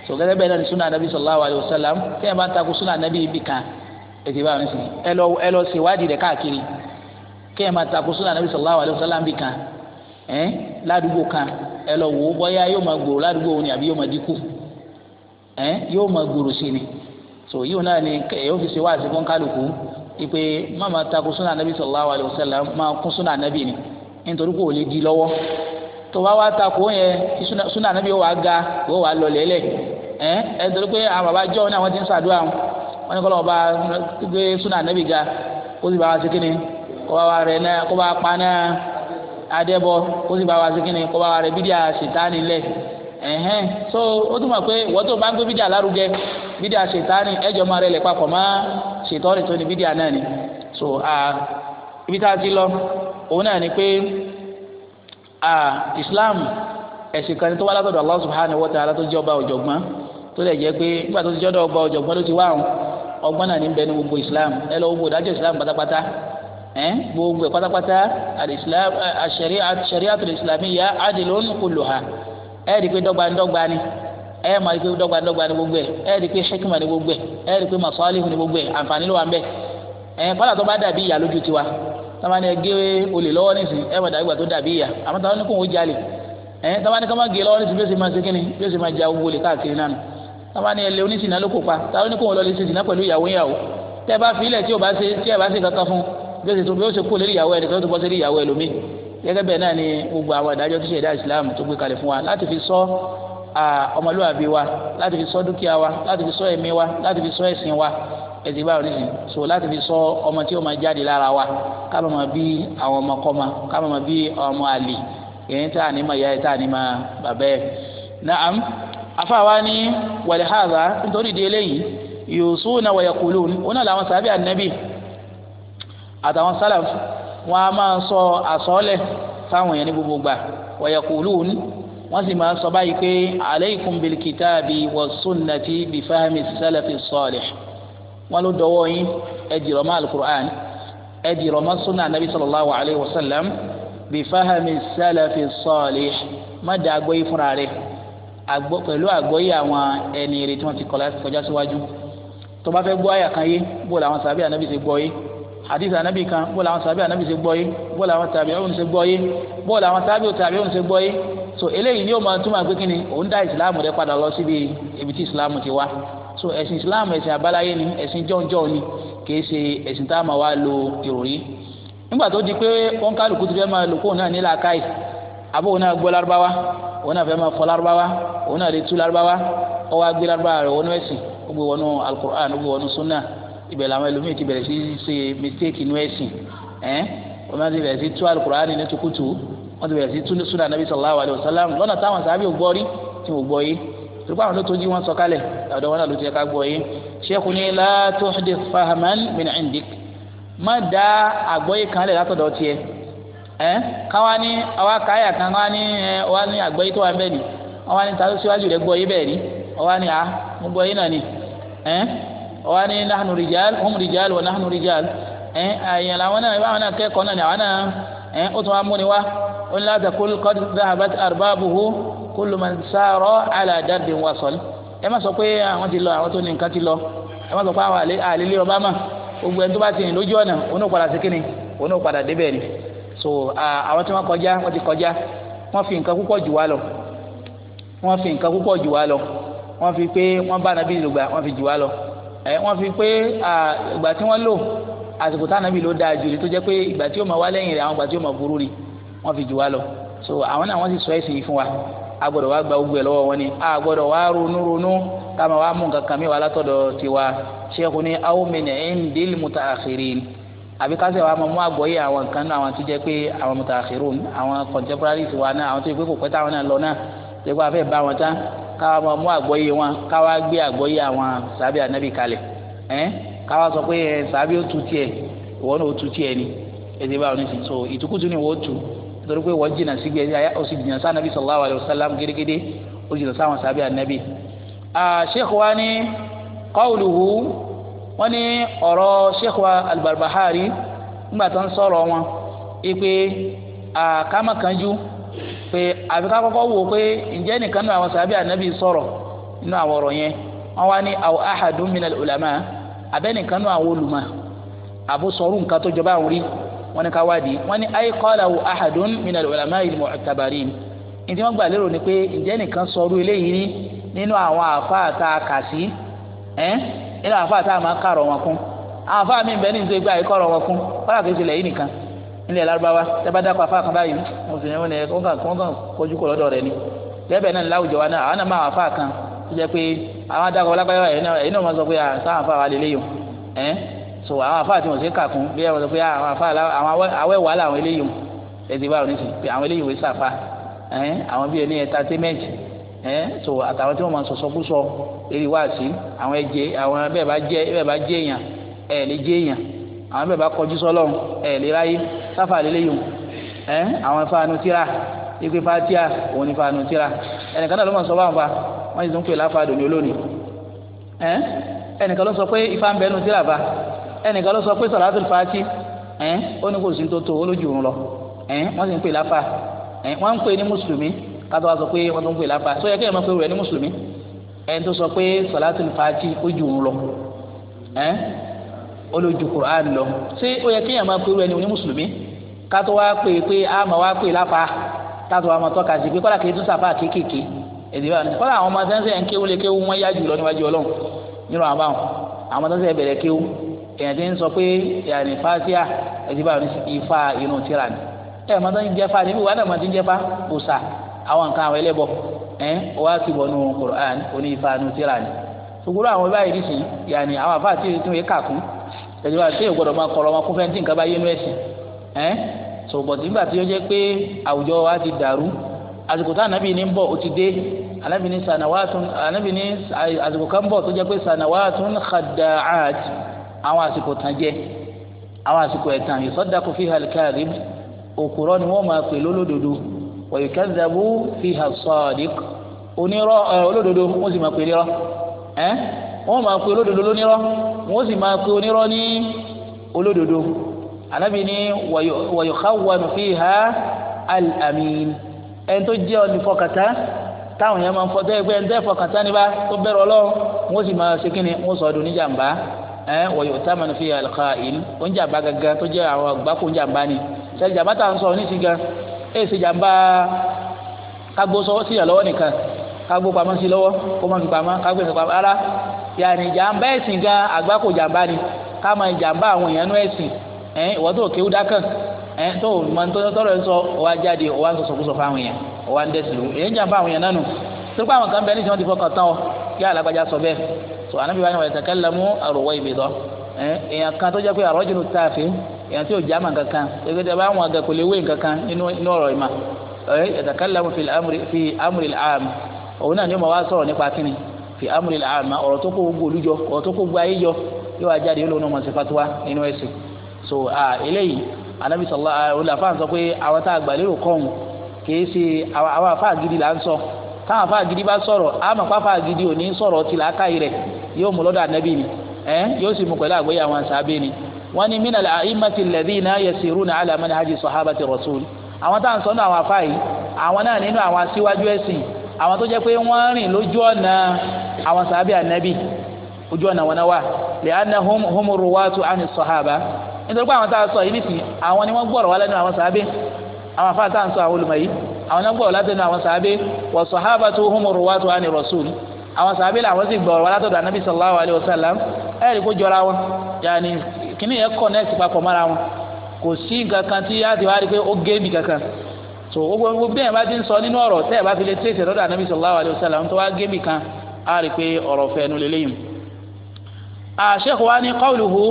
so gẹ́gẹ́ bẹ́ẹ̀ náà ni sunna anabi sallallahu alayhi wa sallam tẹ́ ẹ bá ń takò sunna anabi ibì kan ètò ìbá mi sìn ẹ lọ ẹ lọ ṣèwádìí rẹ̀ káàkiri kẹ́ ẹ máa takò sunna anabi sallallahu alayhi wa sallam ibì kan ẹ́ ládùúgbò kan ẹ lọ wò ó bọ́yá yóò máa gbòòrò ládùúgbò òun ni àbí yóò máa dínkù ẹ́ yóò máa gbòòrò sí ni so yíò náà ni èyí fi ṣe wá àti fún kálukú ipe má máa takò súnà anabi sallallahu alayhi wa sallam máa kún súnà anabi ni nítorí kò lè di lọ́wọ́ tó bá wá takò yẹn súnà anabi yóò wá ga yóò wá lọ lẹ́lẹ̀ ẹ ẹ nítorí pé àwọn bàbá jọ́ ní àwọn ti ń ṣàdúrà wọn wọn ni kọ́ lọ́wọ́ bá gbé súnà anabi ga kó sì bá wa ṣe kíni kó bá wa rẹ̀ náà kó bá pa náà adẹ́bọ kó sì bá wa ṣe kíni kó bá wa rẹ̀ bídíà ṣètánilẹ̀ ẹ̀hẹ́n so ó túmọ̀ pé wọ́n tó bá ń gbé bídíà bídíà ṣètánì ẹjọ́ máa rẹlẹ̀ papọ̀ mọ́ ṣètọ́rì tó ní bídíà náà ni so ibi tá a ti lọ òun náà ni pé Islam ẹ̀sìn kan tó wá látọ̀dọ̀ Allah subhanahu wa ta'ala tó jẹ́ ọba ọ̀jọ̀gbọ́n tó lè jẹ́ pé nígbà tó ti jẹ́ ọba ọ̀jọ̀gbọ́n ló ti wá àwọn ọgbọ́n náà ní bẹ ní gbogbo Islam ẹ lọ gbogbo ìdájọ́ Islam pátápátá ẹ gbogbo ẹ pátápátá al-Islam al-shari'atu al-islamiyya adilun kulluha ẹ rí i pé dọ́gba ń ni ẹ máa rí pé dọ́gbadọ́gba ni gbogbo ẹ ẹ rí pé hekima ni gbogbo ẹ ẹ rí pé masalihu ni gbogbo ẹ àǹfààní ló wà ń bẹ ẹ kọ́lá tó bá dàbí ìyá lójú tiwa táwọn ẹ gé olè lọ́wọ́ nísìnyí ẹ máa dàbí ìgbà tó dàbí ìyá àmọ́ táwọn ní kò wọ́n jalè ẹ táwọn ní ká má gé lọ́wọ́ nísìnyí bí ó sì máa ṣe kíni bí ó sì máa ja owó olè káàkiri náà táwọn ẹ lé oníṣìnà ló kópa táwọn ní kò wọ́n lọ lè ṣe ṣìnà pẹ̀lú ìyàwó ìyàwó tẹ́ bá fi ilẹ̀ ọmọlúwàbí wa láti fi ṣọ́ dúkìá wa láti fi ṣọ́ ẹ̀mí wa láti fi ṣọ́ ẹ̀sìn wa ẹ̀sìn báwo nìyí so láti fi ṣọ́ ọmọ tí ó máa jáde lára wa ká má máa bí àwọn ọmọ kọ́mọ ká má máa bí ọmọ àlè èyí tá a ní ma ya ẹ̀ tá a ní ma bàbá ẹ̀ naam afáwa ni wàlíhàzà nítorí ìdí eléyìí yusuna wa yaqulun òun náà làwọn sàbí ànábì àtàwọn sálàf wọn a máa sọ àsọ́ọ́lẹ̀ fáwọn èèyàn ní gbogbo gbà wa yaqulun wọ́n sì máa sọ báyìí pé aleikum bilkitaabi wa sunnati bifahami salafi salih wọ́n ló dọwọ́ yín ẹ dìrọ̀ mọ́ alukur'an ẹ dìrọ̀ mọ́ sunna anabi sallallahu alayhi wa sallam bifahami salafi salih má da agbóyè fúnra rẹ̀ pẹ̀lú agbóyè àwọn ẹni rẹ̀ tí wọ́n ti kọjá síwájú tó bá fẹ́ gbọ́ àyà kan bó làwọn sàbí anabi ti gbọ́ yé hadith anabi kan bó làwọn sàbí anabi ṣe gbọ́ yé bó làwọn tabi'un ṣe gbọ́ yé bó làwọn tabi'u tabi'un ṣe gbọ́ yé so eléyìí ni ó máa túmọ̀ pé kí ni òun dá ìsìláàmù rẹ padà lọ síbi ibi tí ìsìláàmù ti wá so ẹ̀sìn ìsìláàmù ẹ̀sìn àbáláyé ni ẹ̀sìn jọ́njọ́ ni kì í ṣe ẹ̀sìn tá a máa wá lo ìròrí nígbà tó di pé wọn kálukú ti fẹ́ máa lò kóun náà ní làákàyè àbó òun náà gbọ́ lárúbáwá òun náà fẹ́ máa fọ lárúbáwá òun náà lè tú lárúbáwá ọwọ́ agbé lárúbáwá rẹ̀ wọnú ẹ̀sìn ó gbé wọnú alukur'an ó gbé wọnú sunnah ibẹ̀ làwọn ẹlòmíì ti bẹ̀rẹ̀ sí ṣe mistake inú ẹ̀sìn ẹ̀ wọ́n máa ti bẹ̀rẹ̀ sí tú alukur'ani ní tukutu wọ́n ti bẹ̀rẹ̀ sí tú sunna nabi sallallahu alayhi wa sallam lọ́nà táwọn sábẹ́ ò gbọ́ rí tí wọ́n gbọ́ yé turupa àwọn tó jí wọn sọ kalẹ̀ ọ̀dọ̀ wọn náà ló ti yẹ ká gbọ́ yé sheikh ni la tuhdith fahman min indik má da àgbọ́yé kan lẹ̀ látọ̀dọ̀ tiẹ̀ ẹ̀ káwa ní àwa káyà kan wá ní wá ní àgbọ́yé tó wà ń bẹ̀ ni wọ́n wá ní ta ló síwájú rẹ̀ gbọ́ yé bẹ́ẹ̀ ni wọ́n wá ní à ah, ń gbọ́ yé náà ni ẹ̀ wọ́n ní nahnu rijal hum rijal wa nahnu rijal ẹ̀ àyàn làwọn náà ìbáwọn náà kẹ́kọ̀ọ́ náà àwọn náà ẹ̀ ó tún wá múni wá ó ní láti kó qad dhahabat arbabuhu kullu man sara ala dardin wasal ẹ má sọ pé àwọn ti lọ àwọn tó ní nǹkan ti lọ ẹ má sọ pé àwọn àlè lè ọba mà gbogbo ẹni tó ti rìn lójú ọ̀nà òun náà padà sí kíni òun náà padà ni so àwọn tí wọ́n kọjá wọ́n ti kọjá wọ́n fi nǹkan púpọ̀ jù wá lọ wọ́n fi nǹkan púpọ̀ jù wá lọ wọ́n fi pé wọ́n bá nàbí lùgbà wọ́n fi jù wá lọ ẹ wọ́n fi pé ìgbà tí wọ́n lò àsìkò tá ànábì ló dáa jù tó jẹ́ pé ìgbà tí ó máa wá lẹ́yìn rẹ̀ àwọn ìgbà tí ó máa burú rí wọ́n fi jù wá lọ so àwọn náà wọ́n sì sọ ẹ̀sìn yìí fún wa a gbọ́dọ̀ wá gba ogun ẹ̀ lọ́wọ́ wọn ni a gbọ́dọ̀ wá ronú ronú káma wá mú nǹkan kan mi wà látọ̀dọ̀ tiwa ṣẹ́kù ni awo mi ní indil mutaakirin àbí kásẹ̀ wa máa mú àgbọ̀yé àwọn nǹkan náà àwọn ti jẹ́ pé àwọn mutaakirin àwọn contemporaries wa náà àwọn tó yẹ pé kò pẹ́ táwọn náà lọ náà tó fẹ́ bá wọn tán káwa máa mú àgbọ́yé wọn káwa gbé àgbọ́yé àwọn sàbí ànábì kalẹ̀ ẹ́ káwa sọ pé ẹ sàbí ó tu tiẹ̀ ìwọ náà ó tu tiẹ̀ ni ẹ̀dẹ̀ báwọn ní sìn so ìtukùtù ni wọ́n tu nítorí pé wọ́n jìnnà sí gbé ó sì jìnnà sí ànábì sallallahu alayhi wa sallam gédégédé ó jìnnà sáwọn sàbí ànábì. sheikh wa ni qawluhu wọ́n ní ọ̀rọ̀ sheikh wa al-Barbahari ńgbà tó ń sọ̀rọ̀ wọn ipe àkàmọ̀kanjú pé àfi ká kọ́kọ́ wò pé ǹjẹ́ nìkan nínú àwọn sàbí ànábì sọ̀rọ̀ nínú àwọn ọ̀rọ̀ yẹn wọ́n wá ní àwọn ahadum minal ulama abẹ́nìkan nínú àwọn olùmọ̀ àbúsọ̀rù nǹkan tó jọba àwọn rí wọ́n ní ká wádìí wọ́n ní ay qalahu ahadun minal ulama al-mu'tabarin ìdí wọ́n gbà lérò ni pé ǹjẹ́ nìkan sọ̀rọ̀ eléyìí rí nínú àwọn àfáà nílẹ̀ Lárúbáwá tẹ́ dákọ̀ afá kan báyìí wọ́n fi ẹ̀wọ̀n ẹ̀ kọ́ńkà kọ́ńkà kojú kọ̀ lọ́dọ̀ rẹ̀ ni lẹ́bẹ̀ náà láwùjọ wa náà àwọn náà máa afá kan tó jẹ́ pé àwọn adákọ̀ lágbáyọ̀ ẹ̀yin náà máa sọ pé sáà afá wa lélẹ́yìn ẹ̀ so àwọn afá àti wọ̀nsẹ̀ kàkún bí wọ́n sọ pé àwọn afá awẹ́ wà láwọn eléyìí ẹ̀sìn báwọn ní sìn pé àwọn eléyìí wọ́n sàfà ẹ̀ àwọn bíi ẹni ẹ̀ńtátẹ́mẹ́ǹtì ẹ so àtàwọn tí wọn máa sọsọ kúsọ eré wá sí àwọn ẹjẹ àwọn bẹ́ẹ̀ bá jẹ bẹ́ẹ̀ bá sáfà lélẹ́yìn ẹ àwọn fanu tíra ipe fatia òun ni fanu tíra ẹnìkan náà ló mọ̀ sọ báwọn fa wọ́n ti tún pè láfàdùn ní olónìí ẹ ẹnìkan ló sọ pé ifá ń bẹnu tíra fa ẹnìkan ló sọ pé sọ̀rọ̀ fati ẹ ó ní kò sí tó tó olójú òun lọ ẹ wọ́n ti ń pè láfà ẹ wọ́n ń pè ní mùsùlùmí kátó wa sọ pé wọ́n tún pè láfà sọ yẹ kéèyàn máa pè rẹ̀ ní mùsùlùmí ẹni tó sọ pé sọ̀rọ̀ fati ojú òun lọ ẹ olójú Kùránì lọ ṣé ó yẹ kéèyàn máa pè rẹ̀ ní mùsùlùmí kátó wá pè pé àmọ́ wá pè láfa kátó wá mọ tọ́ka sí pé kọ́lá kìí tún sàfà kéékèèké èdè bá wọn kọ́lá àwọn ọmọ sẹ́nsẹ́ ń kéwú lé kéwú wọn yá jù lọ níwájú ọlọ́run nínú àwọn báwọn àwọn sẹ́nsẹ́ bẹ̀rẹ̀ kéwú èèyàn ti ń sọ pé yàrá fásíà èdè bá wọn ifá inú tíra ni ẹ mọ́tò ń jẹ́fà níbi wàá dàmọ́ ti ń jẹ́fà òòsà àwọn nǹkan àwọn ẹlẹ́bọ ẹ Qur'an oní ifá inú tíra ni sukuru àwọn báyìí dìsí yàrá àwọn àfáà tí wọ́n kà kú èdè bá wọn sọ̀bọ̀tì nígbà tí ó jẹ́ pé àwùjọ wa ti dàrú àsìkò tá ànábì ní bọ̀ ó ti dé ànábì ní sanawatun ànábì ní àsìkò kan bọ̀ tó jẹ́ pé sanawatun khada'at àwọn àsìkò tán jẹ́ àwọn àsìkò ẹ̀tàn yusaddaqu fiha al-kadhib òkúrọ́ ni wọ́n máa pè lólódodo wa yukadhabu fiha as-sadiq onírọ́ olódodo wọ́n sì máa pè nírọ́ ẹ́ wọ́n máa pè olódodo lónírọ́ wọ́n sì máa pè onírọ́ ní olódodo anabi ni wayukhawwanu fiha al-amin ẹni tó jẹ́ olùfọkàtà táwọn yẹn máa ń fọ tó yẹ pé ẹni tó fọkàtà níbà tó bẹ̀rù Ọlọ́run wọ́n sì máa ṣe kíni wọ́n sọ ọdún níjàmbá ẹ wayu'tamanu fiha al-kha'in oníjàmbá gangan tó jẹ́ àwọn àgbákò níjàmbá ni ṣe jàmbá tá à ń sọ ní sìgá ẹ ṣe jàmbá kágbó sọ sí yà lọ́wọ́ nìkan kágbó pamọ́ sí lọ́wọ́ kó má fi pamọ́ kágbó ẹ̀sìn pamọ́ ara yàrá ìjàmbá ẹ̀sìn gan àgbákò jàmbá ni ká máa jàmbá àwọn èèyàn nú ẹ̀sìn ẹ ìwọ tó kéwú dákàn ẹ tó mọ tọrọ sọ ọwá jáde ọwá ń sọsọ kúsọ fáwọn yẹn ọwá ń dẹsí lòun èyí ń jàǹbá àwọn yẹn nánu tó pé àwọn kan bẹ níṣẹ́ wọn ti fọkàn tán ọ kí alágbájá sọ bẹ́ẹ̀ tó ànábi wáyé wọn ìtàkẹ́ lẹ́mú àròwọ́ ìbí lọ ẹ èèyàn kan tó jẹ́ pé àrọ́jùnú tààfin èèyàn tí ò já mà kankan gẹ́gẹ́ tẹ bá wọn àgà kò lè wé kankan nínú ọ̀rọ̀ ìmà ẹ ìtàkàlámù fi fi amúri àmì òun náà ni mo wá sọ̀rọ̀ nípa kíni fi amúri àmì ọ̀rọ̀ tó kó gbogbo olújọ ọ̀rọ̀ tó kó gbogbo ayé jọ yóò wá jáde yóò lóun ọmọ sí fatuwa nínú ẹ̀sìn so eléyìí anabi sọlá olùlàfà sọ pé àwọn tá a gbà lérò kọ́hún kìí ṣe àwọn àfa gidi là ń sọ táwọn àfa gidi bá sọ̀rọ̀ àmọ́ pàfà gidi ò ní sọ̀rọ̀ ti làákàyè rẹ̀ yóò mú lọ́dọ̀ anabi ni ẹ̀ yóò sì mú pẹ̀lú àgbéyé àwọn sàábé ni wọ́n ní mina al-a'immati alladhina yasiruna ala manhaji sahabati rasul àwọn táwọn sọ náà àwọn àfa yìí àwọn náà nínú àwọn aṣíwájú ẹ̀sìn àwọn tó jẹ́ pé wọ́n rìn lójú ọ̀nà àwọn sàábé anabi ojú ọ̀nà wọn náà wà li'annahum humu ruwatu 'ani sahaba nítorí pé àwọn tá a sọ yìí nìsín àwọn ni wọ́n gbọ́rọ̀ wá lẹ́nu àwọn sàábé àwọn afáà tá à ń sọ àwọn olùmọ̀ yìí àwọn náà gbọ́rọ̀ látẹnu àwọn sàábé wa sahabatu humur ruwatu ani rasul àwọn sàábé làwọn sì gbọ́rọ̀ wá látọ̀dọ̀ anabi sallallahu alayhi wa sallam ẹ̀rí kó jọra wọn yàní kíní yẹn kọ̀nẹ́ẹ̀tì papọ̀ mọ́ra wọn kò sí nǹkan tí yáàdì wá rí pé ó gé mi kankan so gbogbo bẹ́ẹ̀ bá ti ń sọ nínú ọ̀rọ̀ tẹ́ ẹ̀ bá fi lè tẹ̀sẹ̀ lọ́dọ̀ anabi sallallahu alayhi wa sallam tó wá gé mi kan á rí pé ọ̀rọ̀ fẹ́ẹ́ nu lélẹ́yìn. àṣekùwá ah, ní qawluhu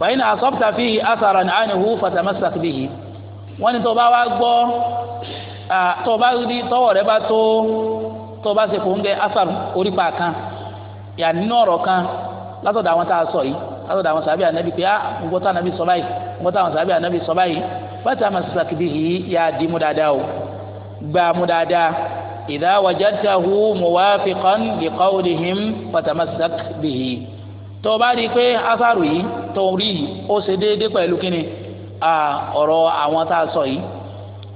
fàyínà asọ́pùtà fi asàrà ní àyìnbó fatamassak bihi wọ́n ní tó bá wá gbọ́ tó bá rí tọ́wọ́ rẹ bá tó tó bá ṣe kò ń gẹ asàrù orípa kan yà nínú ọ̀rọ̀ kan látọ̀dọ̀ àwọn tá a sọ yìí látọ̀dọ̀ àwọn sàbí ànábì pé ah ń ànábì sọ báyìí ń àwọn sàbí ànábì sọ báyìí fatamassak bihi yà di mú dáadáa o gbà mú dáadáa idha wajadtahu muwafiqan liqawlihim fatamassak bihi tó bá rí i pé asaru yìí tó rí yìí ó ṣe déédé pẹ̀lú kíni ọ̀rọ̀ àwọn tá a sọ yìí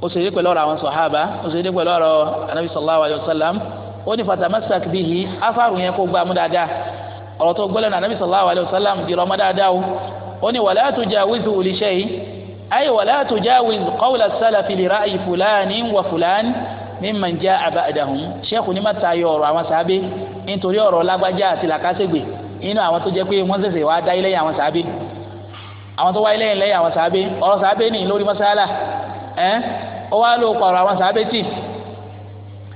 ó ṣe déédé pẹ̀lú ọ̀rọ̀ àwọn sọ̀hábà ó ṣe déédé pẹ̀lú ọ̀rọ̀ anabi sallallahu alayhi wa sallam ó ní fatamasak bihi asaru yẹn kó gbámú dáadáa ọ̀rọ̀ tó gbọ́lẹ̀ ní anabi sallallahu alayhi wa sallam di rọmọ dáadáa o ó ní wàlá tujawizu li shay ay wàlá tujawiz qawla salafi li nínú àwọn tó jẹ́ pé wọ́n ṣẹ̀ṣẹ̀ wá dá ilé yẹn àwọn sàábé àwọn tó wá ilé yẹn lẹ́yìn àwọn sàábé ọ̀rọ̀ sàábé nìyí lórí mọ́sálà ẹ́ ó wá lò pàrọ̀ àwọn sàábé tì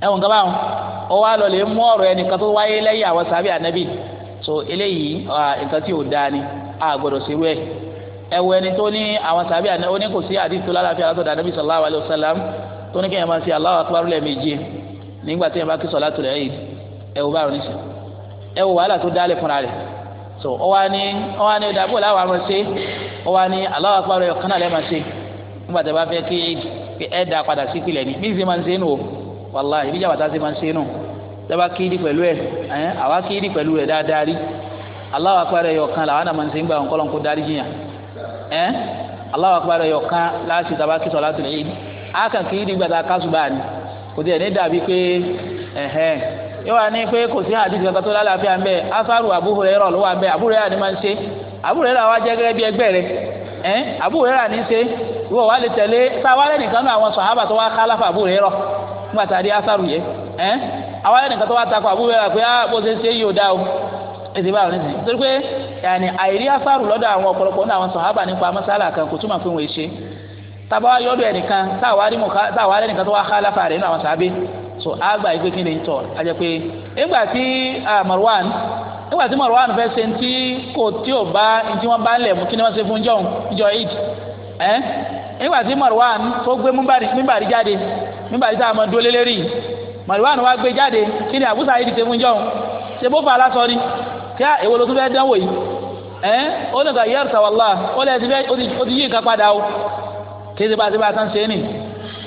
ẹ̀wọ̀n kan báwọn ó wá lọ lè mú ọ̀rọ̀ ẹnìkan tó wáyé lẹ́yìn àwọn sàábé ànábì so eléyìí nǹkan tí ò dáa ni a gbọ́dọ̀ ṣerú ẹ̀ ẹ̀wọ̀ ẹni tó ní àwọn sàábé ànábì ó kò sí àdìsó lálàáfíà tó ní kéèyàn máa ẹ wo wàhálà tó dálẹ̀ fúnra rẹ̀ so ọwa ni ọwa ni dàbò làwọn àmọ́ ṣe ọwa ni Allahu Akbar ọ̀kan náà lẹ́ẹ̀ máa ṣe nígbà tí a bá fẹ́ kí ẹ dà padà sí pilẹ̀ ni bí ṣe máa ń ṣe nù o wàláhì ìbí jàbàtà ṣe máa ń ṣe nù dábà kíri pẹ̀lú ẹ̀ ẹ̀ àwa kíri pẹ̀lú rẹ̀ dáadáa rí Allahu Akbar ọ̀kan làwọn náà máa ń ṣe nígbà wọn kọ́lọ́n yóò wá ní pé kò sí àdìsí kankan tó lálàáfíà ń bẹ asaru Abu Hurairah ló wà ń bẹ Abu Hurairah ni máa ń ṣe Abu Hurairah wa jẹ́ gẹ́gẹ́ bí ẹgbẹ́ rẹ ẹ Abu Hurairah ní ṣe ìwọ wa lè tẹ̀lé sáwárẹ̀ nìkan náà àwọn sàhábà tó wá kálàfà Abu Hurairah nígbà tá a di asaru yẹ ẹ àwọn ẹnìkan tó wá takọ Abu Hurairah pé ah, bó ṣe ṣe yìí ò dáa o èsì báwọn ní sìn torí pé yàní àìrí asaru lọ́dọ̀ àwọn ọ̀pọ̀lọpọ̀ so àgbà yìí pé tọ àjẹ igwa si tí Marwan nígbà tí Marwan kò tí o ba ntí wọ́n bá lẹ̀ mú fún jọ eid ẹ́ nígbà tí Marwan tó gbé mímbàrí jáde mímbàrí tá a mọ̀ dúró lélẹ́rì Marwan wá gbé jáde kí ni Abu Sa'id ṣe fún jọ̀hún fa ni kí èwo yìí ó lè ó lè ti yí nǹkan padà o kí ẹ ti ti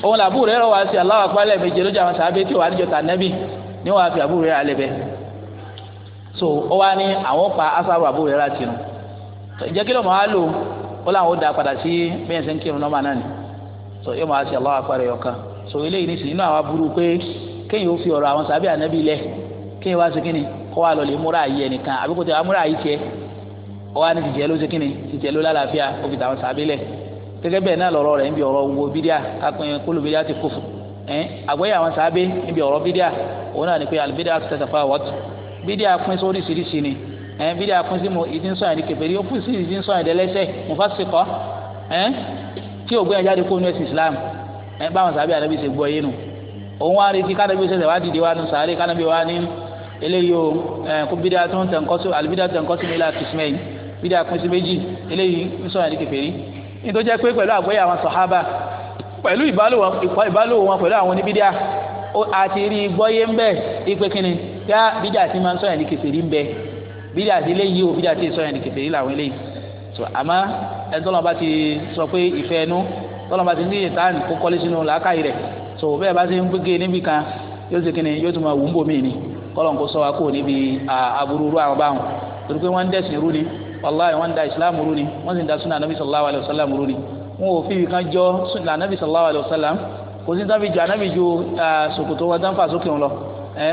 òun là Abu Hurairah wá sí Allahu Akbar méje lójú àwọn sàábé tí wàá níjọ tà nẹ́bì ní wàá fi Abu Hurairah alẹ́ bẹ́ so ó wá ní àwọn pa asáru Abu Hurairah tì nù kí ló máa lò ni so yóò máa sí Allahu Akbar yọkan so eléyìí ní sìn inú àwọn aburú pé kéèyàn ó fi ọ̀rọ̀ àwọn sàábé ànábì lẹ̀ kéèyàn wá sí kíni kó wá lọ lè múra ayé tẹ múra ayé ó wá ní ló sí ló lálàáfíà ó fi tàwọn gẹ́gẹ́ bẹ́ẹ̀ náà lọ́rọ̀ rẹ̀ níbi ọ̀rọ̀ wo bídíà akpẹ́yìn kúlù bídíà ti kófù ẹ̀ àgbẹ̀yẹ àwọn sàábé níbi ọ̀rọ̀ bídíà òun náà ní pé àlùbídíà ti tẹ̀sán fáwọn wọ́tù bídíà pín sí oríṣiríṣi ni ẹ̀ bídíà pín sí mo ìdí ń sọ àyìn kẹfẹ́rí ó pín sí ìdí ń sọ àyìn dẹ́lẹ́sẹ̀ mo fà sí kọ́ ẹ̀ tí ògbẹ́ yẹn jáde kó nu ẹ̀sìn Islam ẹ̀ báwọn sàábé ànábì ṣe gbọ́ yín nu òun wá retí kánábì ṣẹ̀ṣẹ̀ wá dìde wá nu sàárè kánábì wá ní eléyìí o ẹ̀ kó bídíà tó ń tẹ̀ ń kọ́ sí nítorí jẹ́ pé pẹ̀lú àgbẹ̀yà àwọn sọ̀hábà pẹ̀lú ìbálò wọn pẹ̀lú àwọn oníbídíà àti rí gbọ́yé ń bẹ ipe kínni yá bídíà ti máa ń sọ̀yàn ní kèfèrí ń bẹ bídíà ti léyìí o bídíà ti sọ̀yàn ní kèfèrí làwọn eléyìí so àmọ́ ẹni tọ́lọ́ bá ti sọ pé ìfẹ́ ẹnu tọ́lọ́ bá ti ní ìtàn kó kọ́lé sínú làákàyè rẹ̀ so bẹ́ẹ̀ bá ti ń gbége níbi kan yóò ti kínni yóò tún máa wù ni kọ́lọ̀ ń kó sọ wa kó níbi àbúrú rú wàláyé wọ́n ń da islam rú ni wọ́n sì ń da sunna anabi sallallahu alayhi wa sallam rú ni wọn ò fi kan jọ sunna anabi sallallahu alayhi wa sallam kò sí tábìjọ anabi ju ṣòkòtò wọn dánfà sókè wọn lọ ẹ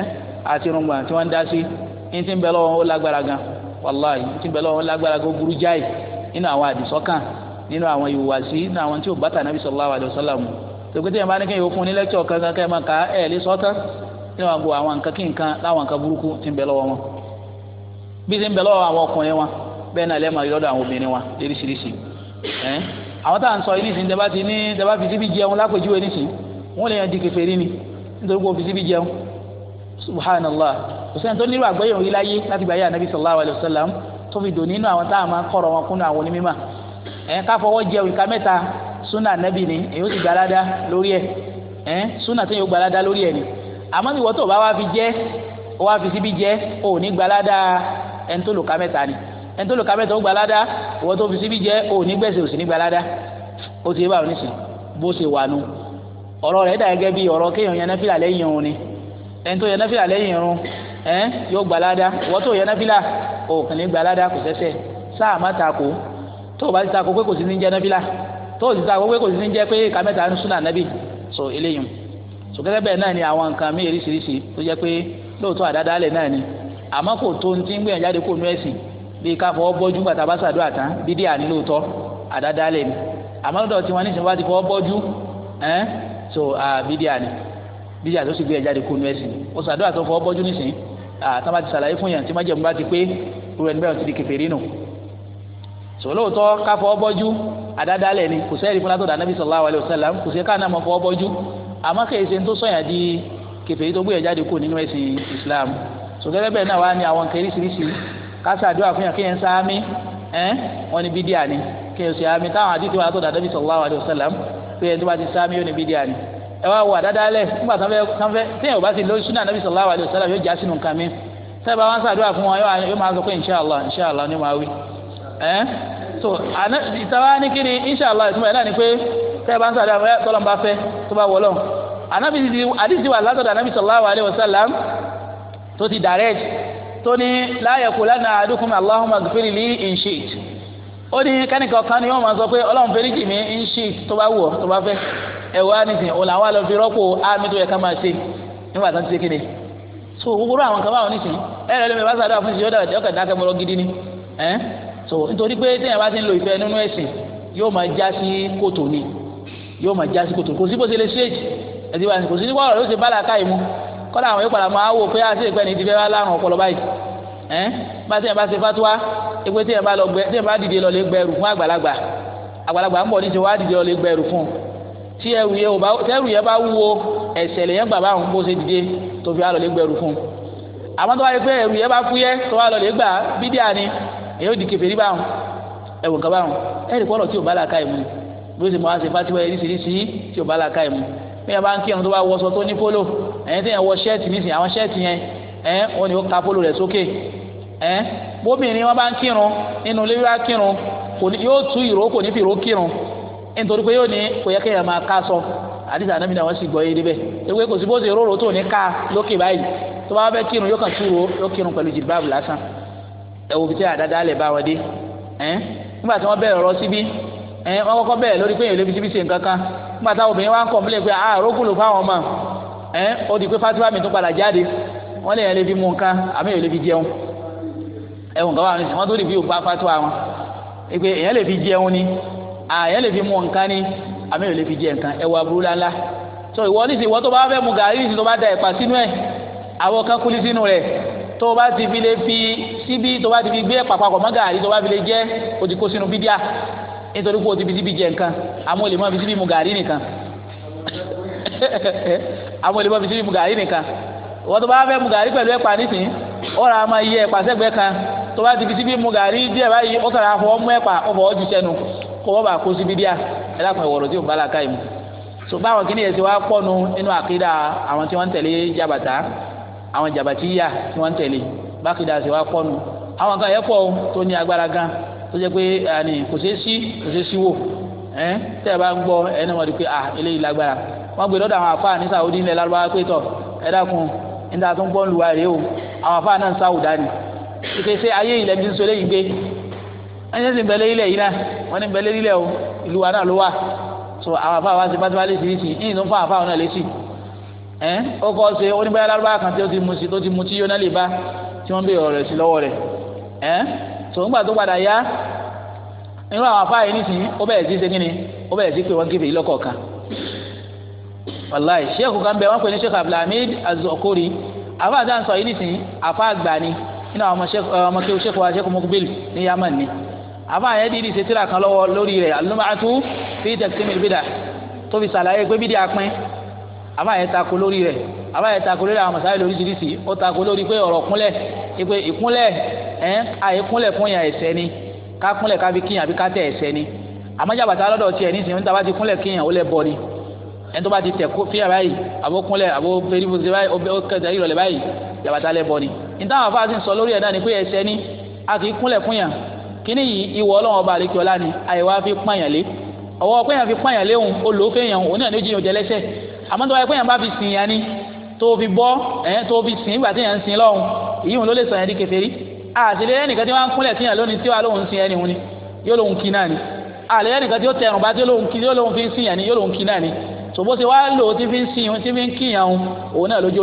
àti irungba tí wọ́n ń dá sí ní ti ń bẹ lọ́wọ́ ó lágbára gan wàláyé ní ti ń bẹ lọ́wọ́ ó lágbára gan ó burú jáì nínú àwọn àdìsọ́kàn nínú àwọn ìhùwàsí nínú àwọn tí ò bá tà anabi sallallahu alayhi wa sallam mu tòkítẹ́ yẹn bá ní kí n yóò fún ní lẹ́kítọ̀ kankan kẹ́ ẹ máa ka ẹ̀ lé sọ́tà ní àwọn nǹkan kí nǹkan láwọn nǹkan burúkú ti ń bẹ lọ́wọ́ wọn bí ti ń bẹ lọ́wọ́ àwọn ọkùnrin wọn bẹ́ẹ̀ náà lẹ́ẹ̀ma lọ́dọ̀ àwọn obìnrin wa lóríṣiríṣi ẹ́ àwọn táà ń sọ yìí nísìnyí tẹ́bá ti ní tẹ́bá fi síbi jẹun lápèjúwe nísìnyí wọ́n lè yan di kèfèrí ni nítorí pé fi síbi jẹun subhanallah kò sẹ́ni tó nílò àgbẹ̀yẹ̀wò yìí láyé láti gbàyà anabi sallallahu alayhi wa sallam tó fi dòní inú àwọn táà máa ń kọ̀rọ̀ wọn kúnnú àwọn onímọ̀ ni èyí ó sì gbalada lórí ẹ̀ ẹ̀ sunna ni àmọ́ ìwọ tó bá wá fi jẹ́ wá fi síbi jẹ́ òní gbalada ẹni tó lò ká mẹ́ta ni ẹni tó lò kábẹ́tọ̀ ó gbalada ìwọ tó fi síbi jẹ́ òní gbèsè òsì ní gbalada ó ti yé báwo nísìn bó ṣe wà nù ọ̀rọ̀ rẹ̀ dà gẹ́gẹ́ ọ̀rọ̀ kéèyàn yẹn náfìlà lẹ́yìn irun ni ẹni tó yẹn náfìlà lẹ́yìn irun ẹ̀ yóò gbalada ìwọ tó yẹn náfìlà òkàn ní gbalada kò sẹ́sẹ́ sáà má takò tó o bá ti takò pé kò sí ní jẹ́ náfìlà tó o ti takò pé kò sí ní jẹ́ pé kámẹ́ta ń súnà nábì so eléyìí so gẹ́gẹ́ bẹ́ẹ̀ náà ni àwọn nǹkan mí eríṣiríṣi tó jẹ́ pé lóòótọ́ àdádálẹ̀ náà ni àmọ́ kò tó ní ti ń gbìyànjú àdékò nú ẹ̀sìn bí káfọ́ bọ́jú gbàtà bá ṣàdúrà tán dídí ànílòótọ́ àdádálẹ̀ ni àmọ́ lọ́dọ̀ tí wọ́n ní sinimá ti fọ́ bọ́jú ẹ́n so bídí àní bídí àti ó sì gbé ẹ̀ jáde kónú ẹ̀sìn ó ṣàdúrà tó fọ́ bọ́jú nísìn àtàn bá ti ṣàlàyé fún yàn tí má jẹun bá ti pé irú ẹni ti di kèfèrí nù so lóòótọ́ káfọ́ bọ́jú àdádálẹ̀ ni kò sẹ́ẹ̀rì fún látọ̀dọ̀ anábì sallallahu alaihi wasallam kò sẹ́ẹ̀ káà náà mọ̀ fọ́ bọ́jú tó sọ̀yàn di kèfèrí tó gbé ẹ̀ jáde Islam so gẹ́gẹ́ bẹ́ẹ̀ náà wá ní àwọn kẹrìsìrìsì kásádùá fún yàn kéèyàn sáámi ẹ́ wọ́n ní bídíà ni kéèyàn sì ámi táwọn àdìtò wa tó dàdọ́ bí sallallahu alaihi wasallam pé ẹni tó bá ti sáámi yóò ní bídíà ni ẹ wá wà dáadáa lẹ̀ nígbà tán fẹ́ téèyàn ò bá ti lórí súnà nàbí sallallahu alaihi wasallam yóò já sínú nǹkan mi sẹ́ẹ̀bà wọn sàdúrà fún wọn yóò máa sọ pé inṣàlá inṣàlá ni màá wí ẹ́ so ìtawá ní kí ni inṣàlá ìtumọ̀ ẹ̀ náà ni pé sẹ́ẹ̀bà ń sàdúrà fún ẹ tọ́lọ́n bá fẹ́ tó bá wọlọ́ ànábì ti àdìsí wà látọ̀dọ̀ ànábì sallallahu alaihi wasallam tó ti direct tó ní láyẹ̀kú lánàá àdúkùn aláhùn magufiri lì in shit ó ní kẹ́nìkan kan ni wọ́n máa sọ pé ọlọ́run fẹ́rí jì mí in shit tó bá wù ọ́ tó bá fẹ́ ẹ̀wọ́ ànìsìn òun làwọn àlọ́ fi rọ́pò àmì tó yẹ ká máa ṣe nígbà tó ń ṣe kéde so gbogbo àwọn kan báwọn nísìn ẹ̀rọ lómi bá sáré àfúnṣe yóò dàgbàjẹ́ ọ̀kadà akẹ́mọ̀rọ̀ gidi ni ẹ̀ so nítorí pé téèyàn bá ti ń lo ìfẹ́ nínú ẹ̀sìn yóò máa já sí kòtò ni yóò máa já sí kòtò kò sí bó ṣe lè ṣéèjì ẹ̀sìn bá kò sí wọ́ọ̀rọ̀ yóò ṣe bá làákàyè mu kọ́lá àwọn yóò padà máa wò pé àṣẹ ah, ìpẹ́ni ti fẹ́ wá láàrùn ọpọlọ báyìí ẹ bá tẹ̀yìn bá ṣe fatuwa ewé tẹ̀yìn bá lọ gbẹ tẹ̀yìn bá dìde lọ lè gbẹrù fún àgbàlagbà àgbàlagbà ń bọ̀ níṣẹ́ wàá dìde lọ lè gbẹrù fún tí ẹrù yẹn ò bá tẹ́rù yẹn bá wúwo ẹ̀sẹ̀ lè yẹn gbà bá òun bó ṣe dìde tó fi wá lọ lè gbẹrù fún àmọ́ tó wá yẹ pé ẹrù yẹn bá fúyẹ́ tó wá lọ lè gbà bídíà ni èyí ó di kèfèrí bá òun ẹ̀wù kan bá òun ẹ̀rì kọ́ ọ̀rọ̀ tí ò bá làákà ìmú bí ó sì máa ṣe fatiwa yẹn níṣìṣì tí ò bá làákà ìmú bí yẹn bá ń kírun tó bá wọṣọ tó ní pólò ẹ̀yìn tí yẹn wọ ṣẹ́ẹ̀tì níṣìṣì àwọn ṣẹ́ẹ̀tì yẹn ẹ̀ wọ́n ni ó ka pólò rẹ̀ sókè ẹ bóbìnrin wọn bá ń kírun nínú ilé wíwá kírun yóò tú ìró kò ní fi ìró kírun nítorí pé yóò ní kò yẹ kéèyàn máa ká sọ àdìsá anábì náà wọ́n sì gbọ́ yé débẹ̀ ewé kò sí bó ṣe róró tó ní ká lókè báyìí tó bá fẹ́ kírun yóò kàn tú ìró yóò kírun lásán ẹ bá wọn dé ẹ nígbà tí síbí ẹ lórí pé fi ṣe nǹkan kan obìnrin wa ń kọ̀m̀pilẹ̀ pé àròkù ah, ló fáwọn ọmọ ẹ ó di pé mi tún padà jáde lè yẹn lè fi mú nǹkan ẹ̀wọ̀n kan wà ní ìsìn wọ́n tó lè fi òpá fatuwa wọn ìpè èèyàn lè fi jẹun ni èèyàn lè fi mu nǹkan ni àmì èèyàn lè fi jẹ nǹkan ẹ̀wọ̀ aburú lánlá so ìwọ ní ìsìn ìwọ tó bá fẹ́ mu gàrí ìsìn tó bá da ẹ̀pà sínú ẹ̀ àwọn kan kúlí sínú rẹ̀ tó o bá ti fi lè fi síbi tó o bá ti fi gbé ẹ̀pà papọ̀ mọ́ gàrí tó bá fi lè jẹ o sínú bídíà nítorí pé o ti fi síbi jẹ nǹkan àmọ́ o lè má fi síbi mu gàrí nìkan àmọ́ o lè má fi síbi mu gàrí nìkan ìwọ tó bá fẹ́ mu gàrí pẹ̀lú ẹ̀pà nísìn ó ra máa yẹ ẹ̀pà sẹ́gbẹ̀ẹ́ kan tó bá ti fi síbi mu gàrí díẹ̀ báyìí ó sọ̀rọ̀ afọ ọmú ẹ̀pà ọ̀fọ̀ ọ̀jú sẹ́nu kó wọ́n bá kó síbi díà ẹ dákun ẹ̀wọ̀rọ̀ tí ò ń bá làákà yìí mu. so báwọn kìíní yẹn ti wá pọ̀nu nínú àkídà àwọn tí wọ́n ń tẹ̀lé jàbàtà àwọn jàbàtíyà tí wọ́n ń tẹ̀lé bákìdá ti wá pọ̀nu àwọn kan yẹ pọ̀ tó ní agbára gan tó jẹ́ pé àní kò ṣeé sí kò ṣeé sí wò ẹ́ tẹ́ bá ń gbọ́ ẹni wọ́n di pé à eléyìí lágbára wọ́n gbé lọ́dọ̀ àwọn àfáà ní Saudi ilẹ̀ lárúbáwá pé tọ̀ ẹ dákun níta tó ń gbọ́ lu ìpèsè ayé ilẹ̀ bí sọlẹ̀ yìí gbé ẹni tí ń bẹ̀lẹ̀ ilẹ̀ yìí náà wọ́n ní ń bẹ̀lẹ̀ ilẹ̀ o ìlú wa náà ló wà so àwọn afáwa ti bá ti bá lè ti ti yìí ló ń fún àfáwa náà létí ẹ ó kọ́ ṣe oníbẹ̀rẹ̀ lárúbá kan tí ó ti mu sí tó ti mu tí yóná lè bá tí wọ́n béèrè ọ̀rẹ́ sí lọ́wọ́ rẹ̀ ẹ so ńgbà tó padà yá nínú àwọn afáwa yìí nìsín ó bẹ̀rẹ̀ sí ṣe kí ni ó bẹ̀rẹ̀ sí pé wọ́n kéfì lọ́kọ̀ọ̀kan wàláì sheikh kan bẹ wọ́n pè ní nínú àwọn ọmọ kéwù eh, sẹ́kù wa sẹ́kù mọ́kúbìl ní yamani ni àbá yẹn dídì ṣe tíra kan lọ́wọ́ lórí rẹ̀ alùmọ́àtú fi tẹ̀símìlì bídà tó fi sàlàyé pé bídì apín àbá yẹn tako lórí rẹ̀ àbá yẹn tako lórí àwọn masáyé lóríṣiríṣi ó tako lórí pé ọ̀rọ̀ kúnlẹ̀ ìpè ìkúnlẹ̀ ẹ̀ àyè kúnlẹ̀ fún yàn ẹ̀ṣẹ̀ ni ká kúnlẹ̀ ká fi kíyàn àbí ká tẹ̀ ni àmọ́ jàbàtà lọ́dọ̀ tiẹ̀ ní sinmi tàbá ti kúnlẹ̀ kíyàn ó lẹ̀ bọ̀ ni ẹni tó bá ti tẹ̀ fíyà báyìí àbó kúnlẹ̀ àbó fẹ́rí jàbàtà lẹ́bọ ni nítawọn afáàsì ń sọ lórí ẹ̀ náà ni pé ẹsẹ̀ ni a kì í kúnlẹ̀ fún yàn kíní yìí ìwọ ọlọ́wọ́n ọba àríkí ọlá ni àyẹ̀wò àfi pààyàn lé ọwọ́ pé yàn fi pààyàn léhùn olóòfẹ́ yàn òun náà ló jiyàn jẹlẹ́sẹ̀ àmọ́ tó wáyé pé yàn bá fi sìn yàn ni tó fi bọ́ ẹ̀yẹn tó fi sìn ìgbà tí yàn ń sìn lọ́hùn ìyíhùn ló lè sàn yàn di kèfèrí àtìlẹ́ ẹnìkan tí wọ́n ń kúnlẹ̀ sí lónìí tí wàá lóhùn sìn yàn ni yóò lóhùn kí náà ni àlẹ́ ẹnìkan tí ó tẹrùn bá tí yóò lóhùn fi sìn yàn ni yóò lóhùn kí náà ni tòbó ń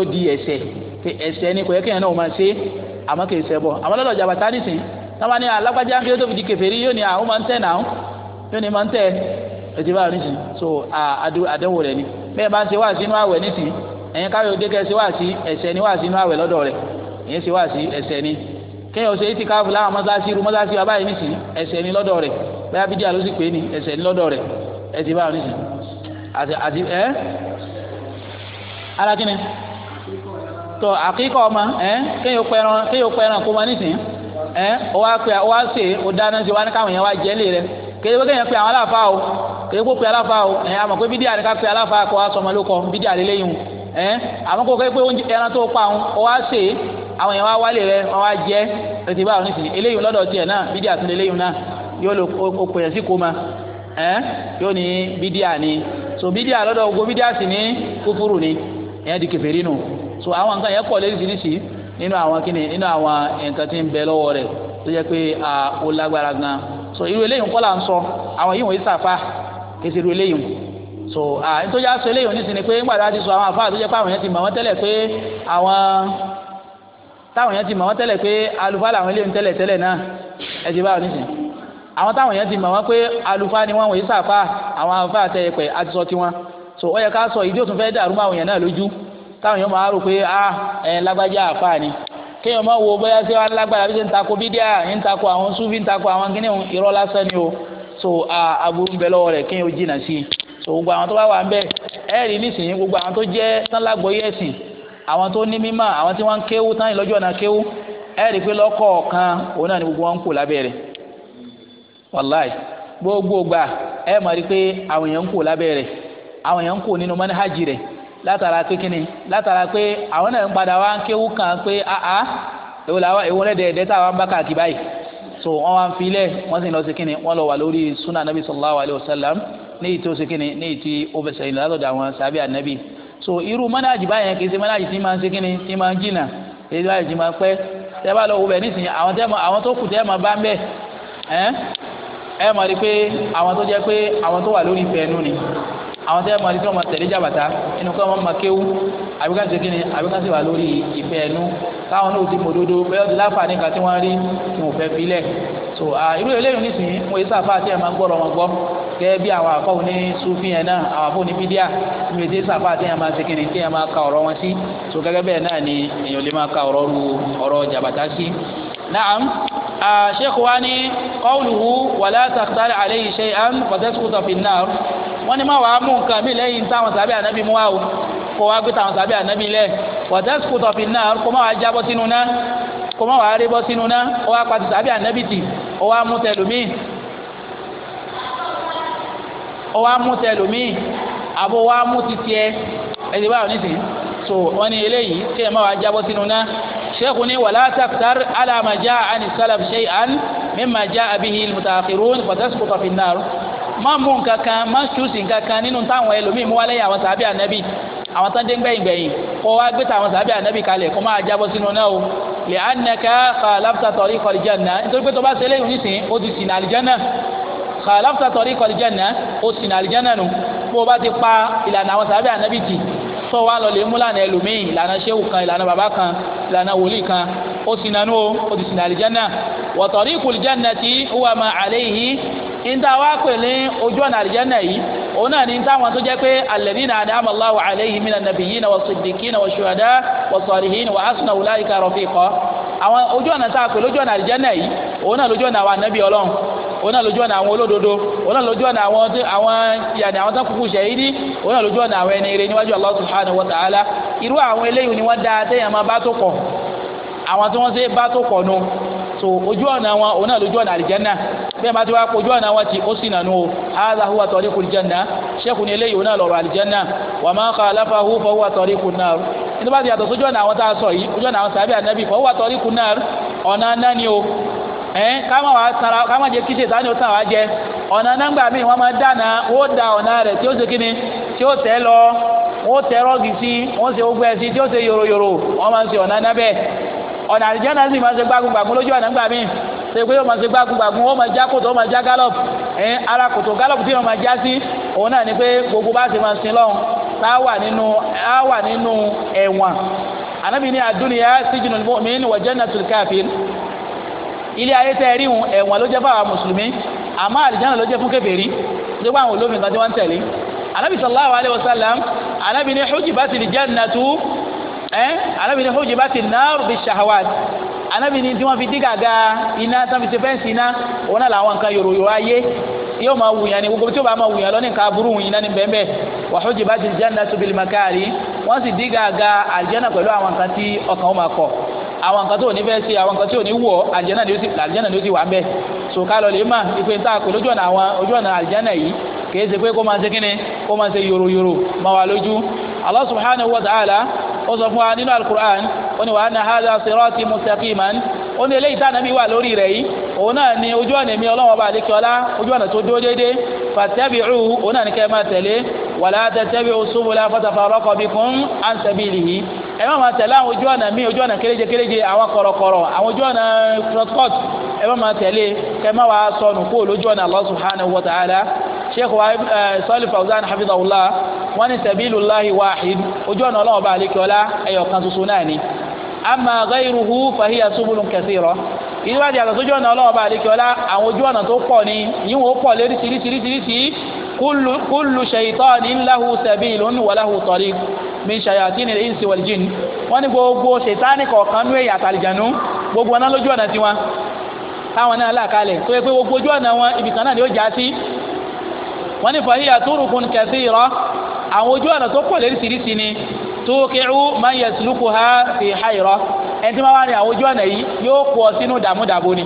sìn pé ẹ̀ṣẹ̀ ni kò yẹ kéèyàn náà máa ṣe àmọ́ kì í ṣe bọ̀ àmọ́ lọ́dọ̀ jàbàtà nìsín táwọn ní alágbájá kí ló tó fi di kèfèrí yóò ní àwọn máa ń tẹ̀ náà yóò ní máa ń tẹ̀ ètò ìbára nìsín so àdéhùn rẹ̀ ni bẹ́ẹ̀ bá ń ṣe wáàsí inú àwẹ̀ nìsín ẹ̀yin káyọ̀ dékẹ́ ṣe wáàsí ẹ̀ṣẹ̀ ni wáàsí inú àwẹ̀ lọ́dọ̀ rẹ̀ ẹ̀yin ṣe wáàsí ẹ̀ṣẹ̀ ni kéèyàn ṣe ti káfù láwọn mọ́sáàsì irú mọ́sáàsì bàbá yìí nìsín ẹ̀ṣẹ̀ ni lọ́dọ̀ rẹ̀ bẹ́ẹ̀ bídíà ló sì pé ni ẹ̀ṣẹ̀ ni lọ́dọ̀ rẹ̀ ẹ̀ṣẹ̀ báwọn nìsín àti ẹ́ alákínni tọ àkíkọ ọmọ ẹ kéèyàn pẹran kéèyàn pẹran kó ma nísìn ẹ ọ wá pè ọ wá sè ọ dáná sí wa ní o kéèyàn kó o ẹ pé bídíà ni ká pè aláfa wá sọmọ bídíà o ẹ kó kéèyàn pé ẹran tó pa ọ wá sè àwọn yẹn wá wálé rẹ wọn wá jẹ ètò ìbáwọ nísìn eléyìn lọ́dọ̀ tiẹ̀ náà bídíà tún lé léyìn náà yóò lọ kó so so àwọn nǹkan yẹn pọ̀ lóríṣiríṣi nínú àwọn kíni nínú àwọn nǹkan tí ń bẹ lọ́wọ́ rẹ̀ tó jẹ́ pé ó lágbára gan so irú eléyìí kọ́ là ń sọ àwọn yìí wọ́n yìí sàfà kèsì irú eléyìí so nítorí aṣọ eléyìí oníṣìí ni pé ńgbà tá a ti sọ àwọn àfáà tó jẹ́ pé àwọn yẹn ti mọ̀ wọ́n tẹ́lẹ̀ pé àwọn táwọn yẹn ti mọ̀ wọ́n tẹ́lẹ̀ pé àlùfáà làwọn eléyìí tẹ́lẹ̀ tẹ́lẹ̀ náà ẹ ti bá wọn àwọn táwọn yẹn ti mọ̀ wọ́n pé àlùfáà ni wọ́n wọ̀nyí sàfà àwọn àfáà tẹ̀yẹ pẹ̀ àti sọ tiwọn so ó yẹ ká sọ ìdí òtún fẹ́ dàrú máa wọ̀nyẹn náà lójú táwọn èèyàn máa rò pé a ah, ẹ lágbájá àfáà ni kéèyàn máa wo bóyá ṣé wàá lágbára bí ṣe ń takò bídíà ń takò àwọn súfì ń takò àwọn kíní irọ́ lásán ni o so aburú ń bẹ lọ́wọ́ rẹ̀ kéèyàn ó jìnnà sí i so gbogbo àwọn tó bá wà ń bẹ ẹ rí nísìnyí gbogbo àwọn tó jẹ́ àwọn tó ní àwọn tí wọ́n ń látara pé kíni látara pé àwọn náà ń padà wá ń kéwú kan pé àá èwo làwọn èwo lẹ́dẹ̀ẹ́ dẹ́ta wa ń bá káàkiri báyìí so wọ́n wá ń filẹ̀ wọ́n sì lọ sí kíni wọ́n lọ wà lórí sunna anabi sallallahu alayhi wa sallam ní ìtò sí kíni ní ìtì obìnrin ìlànà látọ̀dọ̀ àwọn sàbí anabi so irú mọ́nájì báyẹn kì í ṣe mọ́nájì tí máa ń sí kíni tí máa ń jìnà èyí báyìí tí máa pẹ́ tẹ́ bá lọ wo bẹ̀ nísìnyí àwọn tẹ́ àwọn tó kù tẹ́ máa bá ń bẹ̀ ẹ́ ẹ mọ̀ rí pé àwọn tó jẹ́ àwọn tẹ́ mọ̀ àdìsí wọn máa tẹ̀lé jàbàtà inú kọ́ wọn máa kéwú àbíkáṣe kí ni àbíkáṣe wà lórí ìfẹ́ ẹnu káwọn náà ti mọ̀ òdodo bẹ́ẹ̀ ti láǹfààní kan tí wọ́n rí tí wọ́n fẹ́ filẹ̀ so irú eléyìí nísìnyí wọ́n yé sáfà tí ẹ̀ máa ń gbọ́dọ̀ wọn gbọ́ gẹ́gẹ́ bí àwọn àfọwọ́ ní sufi yẹn náà àwọn àfọwọ́ ní bídíà ní ètè tí ẹ̀ máa ṣe kíni tí ẹ̀ máa ka ọ̀rọ̀ wọn sí so gẹ́gẹ́ bẹ́ẹ̀ náà ni èèyàn lè máa ka ọ̀rọ̀ ru ọ̀rọ̀ jàbàtà sí. naam sheikh wa ni qawluhu wala takhtar alayhi shay'an fatasquta fi an wọ́n ní má wàá mú nǹkan mi lẹ́yìn táwọn sàbí ànábì mú wa o kó wá gbé táwọn sàbí ànábì lẹ̀ wọ́tẹ́sìkù tọ̀fì náà kó má wàá jábọ́ sínú náà kó má wàá rébọ́ sínú náà ó wá pàtì sàbí ànábì tì ó wá mú tẹlumi ó wá mú tẹlumi àbó wá mú titi ẹ ẹ ti báwọn so wọ́n ní eléyìí kí ẹ má wàá jábọ́ sínú náà sheikh ni wala taktar ala ma jaa ani salaf shay'an mimma jaa bihi al-mutaakhirun fi an má mú nǹkan kan má kíùsì nǹkan kan nínú táwọn ẹlòmíín mú wálé àwọn sàbí ànábì àwọn tán dé gbẹ̀yìn gbẹ̀yìn kó wá gbé táwọn sàbí ànábì kalẹ̀ kó máa jábọ́ sínú náà o lè ànàkà kàlàfta tọ̀rí kọ̀lìjànà nítorí pé tó bá ṣe léyìn nísìnyí ó ti sìn àlìjánà kàlàfta tọ̀rí kọ̀lìjànà ó sìn àlìjánà nù bó o bá ti pa ìlànà àwọn sàbí ànábì tì tó wá lọ lè mú lànà ẹlòmíì ìlànà níta wá pè ní ojú ọ̀nà àlìjẹ́nà yìí òun náà ní táwọn tó jẹ́ pé alladhina an'ama Allahu alayhim minan nabiyyina was-siddiqina wash-shuhada was-salihin wa hasuna ulaika rafiqa àwọn ojú ọ̀nà tá a pè lójú ọ̀nà àlìjẹ́nà yìí òun náà lójú ọ̀nà àwọn ànábì ọlọ́run òun náà lójú ọ̀nà àwọn olódodo òun náà lójú ọ̀nà àwọn àwọn yàrá àwọn tán kúkú ṣẹ̀yìdì òun lójú ọ̀nà àwọn ẹni níwájú Allah subhanahu wa ta'ala irú àwọn eléyìí ni wọ́n dá téèyàn máa bá tó kọ̀ àwọn tí wọ́n ṣe bá tó kọ̀ nu so ojú ọ̀nà wọn òun náà lójú ọ̀nà àlìjẹ́nà bí wọ́n bá ti wá kojú ọ̀nà wọn ti ó sì nànú o hadha huwa tariqul janna sheikh ni eléyìí òun náà lọ̀rọ̀ àlìjánná wa ma khalafahu fa huwa tariqun nar nítorí bá ti yàtọ̀ sójú ọ̀nà àwọn tá a sọ yìí ojú ọ̀nà àwọn sàbí ànábì fa huwa tariqun nar ọ̀nà nání o ẹn kama wa sara kama jẹ kisi sani o san wa jẹ ọ̀nà nangba mi wọn ma dana o da ọ̀nà rẹ̀ tí o ṣe kini tí o tẹ lọ o tẹ rọgì si o ṣe ogun ẹsi tí o ṣe yoroyoro wọn ma ṣe ọ̀nà nabẹ ọ̀nà àdìjẹ́ náà sì ma ṣe gbàgbọ́gbàgbọ́ lójú ọ̀nà nangba mi ṣe pé yóò máa ṣe gbágungbàgun wọ́n máa já kòtò wọ́n máa já gallop ẹ̀ ara kòtò gallop tí wọ́n máa já sí òun náà ni pé gbogbo bá ṣe máa sin lọ́hùn tá a wà nínú a wà nínú ẹ̀wọ̀n ànábì ní àdúnyà sijnul mu'min wa jannatul kafir ilé ayé tẹ́ ẹ rí wọn ẹ̀wọ̀n ló jẹ́ fáwọn mùsùlùmí àmọ́ àlìjáná ló jẹ́ fún kèfèrí tó bá àwọn olófin kan tí wọ́n ń tẹ̀lé anabi sallallahu alayhi wa sallam anabi ní hujibati al jannatu ẹ́ anabi ní hujibati an nar bi shahawat anabi ni tí wọ́n fi dí gàga iná tí wọ́n fi ṣe fẹ́ǹsì iná òun náà làwọn nǹkan yòrò yòrò ayé yóò máa wùyàn ní gbogbo tí yóò bá máa wùyàn lọ́nìí ká burú wùyàn ní bẹ́ẹ̀ bẹ́ẹ̀ wa hujibatil jannatu bil makari wọ́n sì dí gàga pẹ̀lú àwọn nǹkan tí ọkàn ó máa kọ̀ àwọn nǹkan tó ní fẹ́ ṣe àwọn nǹkan tí ò ní wọ̀ àlìjẹ́nà ni ó ti wà ń bẹ̀ so ká lọ lè mà ìpè ń tà pé lójú ọ̀nà àwọn ojú ọ̀nà àlìjẹ́nà yìí kìí ṣe pé kó máa ṣe kíni kó máa ṣe yòròyòrò máa wà lójú Allah subhanahu wa ta'ala ó sọ fún wa nínú al ó ní wa anna hadha sirati mustaqiman ó ní eléyìí tá ànábì wà lórí rẹ̀ yìí òun náà ni ojú ọ̀nà èmi ọlọ́run ọba àdékẹ́ọ́lá ojú ọ̀nà tó dúró déédéé fattabi'u òun náà ní kẹ́ ẹ máa tẹ̀lé wala tattabi'u subula fatafarraqa bikum an sabilihi ẹ má máa tẹ̀lé àwọn ojú ọ̀nà míì ojú ọ̀nà kéréje kéréje àwọn kọ̀rọ̀kọ̀rọ̀ àwọn ojú ọ̀nà shortcut ẹ má máa tẹ̀lé kẹ́ má wàá sọnù kó lójú ọ̀nà Allah subhanahu wa ta'ala sheikh wa sọ́ọ̀lì fawzan hafizahullah wọ́n ní sabilullahi wahid ojú ọ̀nà ọlọ́wọ́ bá àlekí ọlá ẹ̀yọ̀ kan ṣoṣo náà ni amma ghayruhu fahiya subulun kathira ìlú àti àtọ̀ sójú ọ̀nà ọlọ́wọ́ bá àdékẹ́ọ́lá àwọn ojú ọ̀nà tó pọ̀ ni yìí wọ́n pọ̀ lérí tìrìtìrìtìrìtì kullu shaytanin lahu sabilun wa lahu tariq min shayatinil insi wal jinn wọ́n ní gbogbo ṣètánì kọ̀ọ̀kan nú èyí àtàlìjànú gbogbo ọ̀nà lójú ọ̀nà tiwọn táwọn náà làkàlẹ̀ tó yẹ pé gbogbo ojú ọ̀nà wọn ibìkan náà ni ó já sí wọ́n ní fahiya turukun kathira àwọn ojú ọ̀nà tó pọ̀ lérí ni tókìrú máa ń yẹ sùlùkù ha fi ha ìrọ ẹni tí wọ́n wá ní àwọn ojú ọ̀nà yìí yóò kó ọ sínú dààmúdààbò ni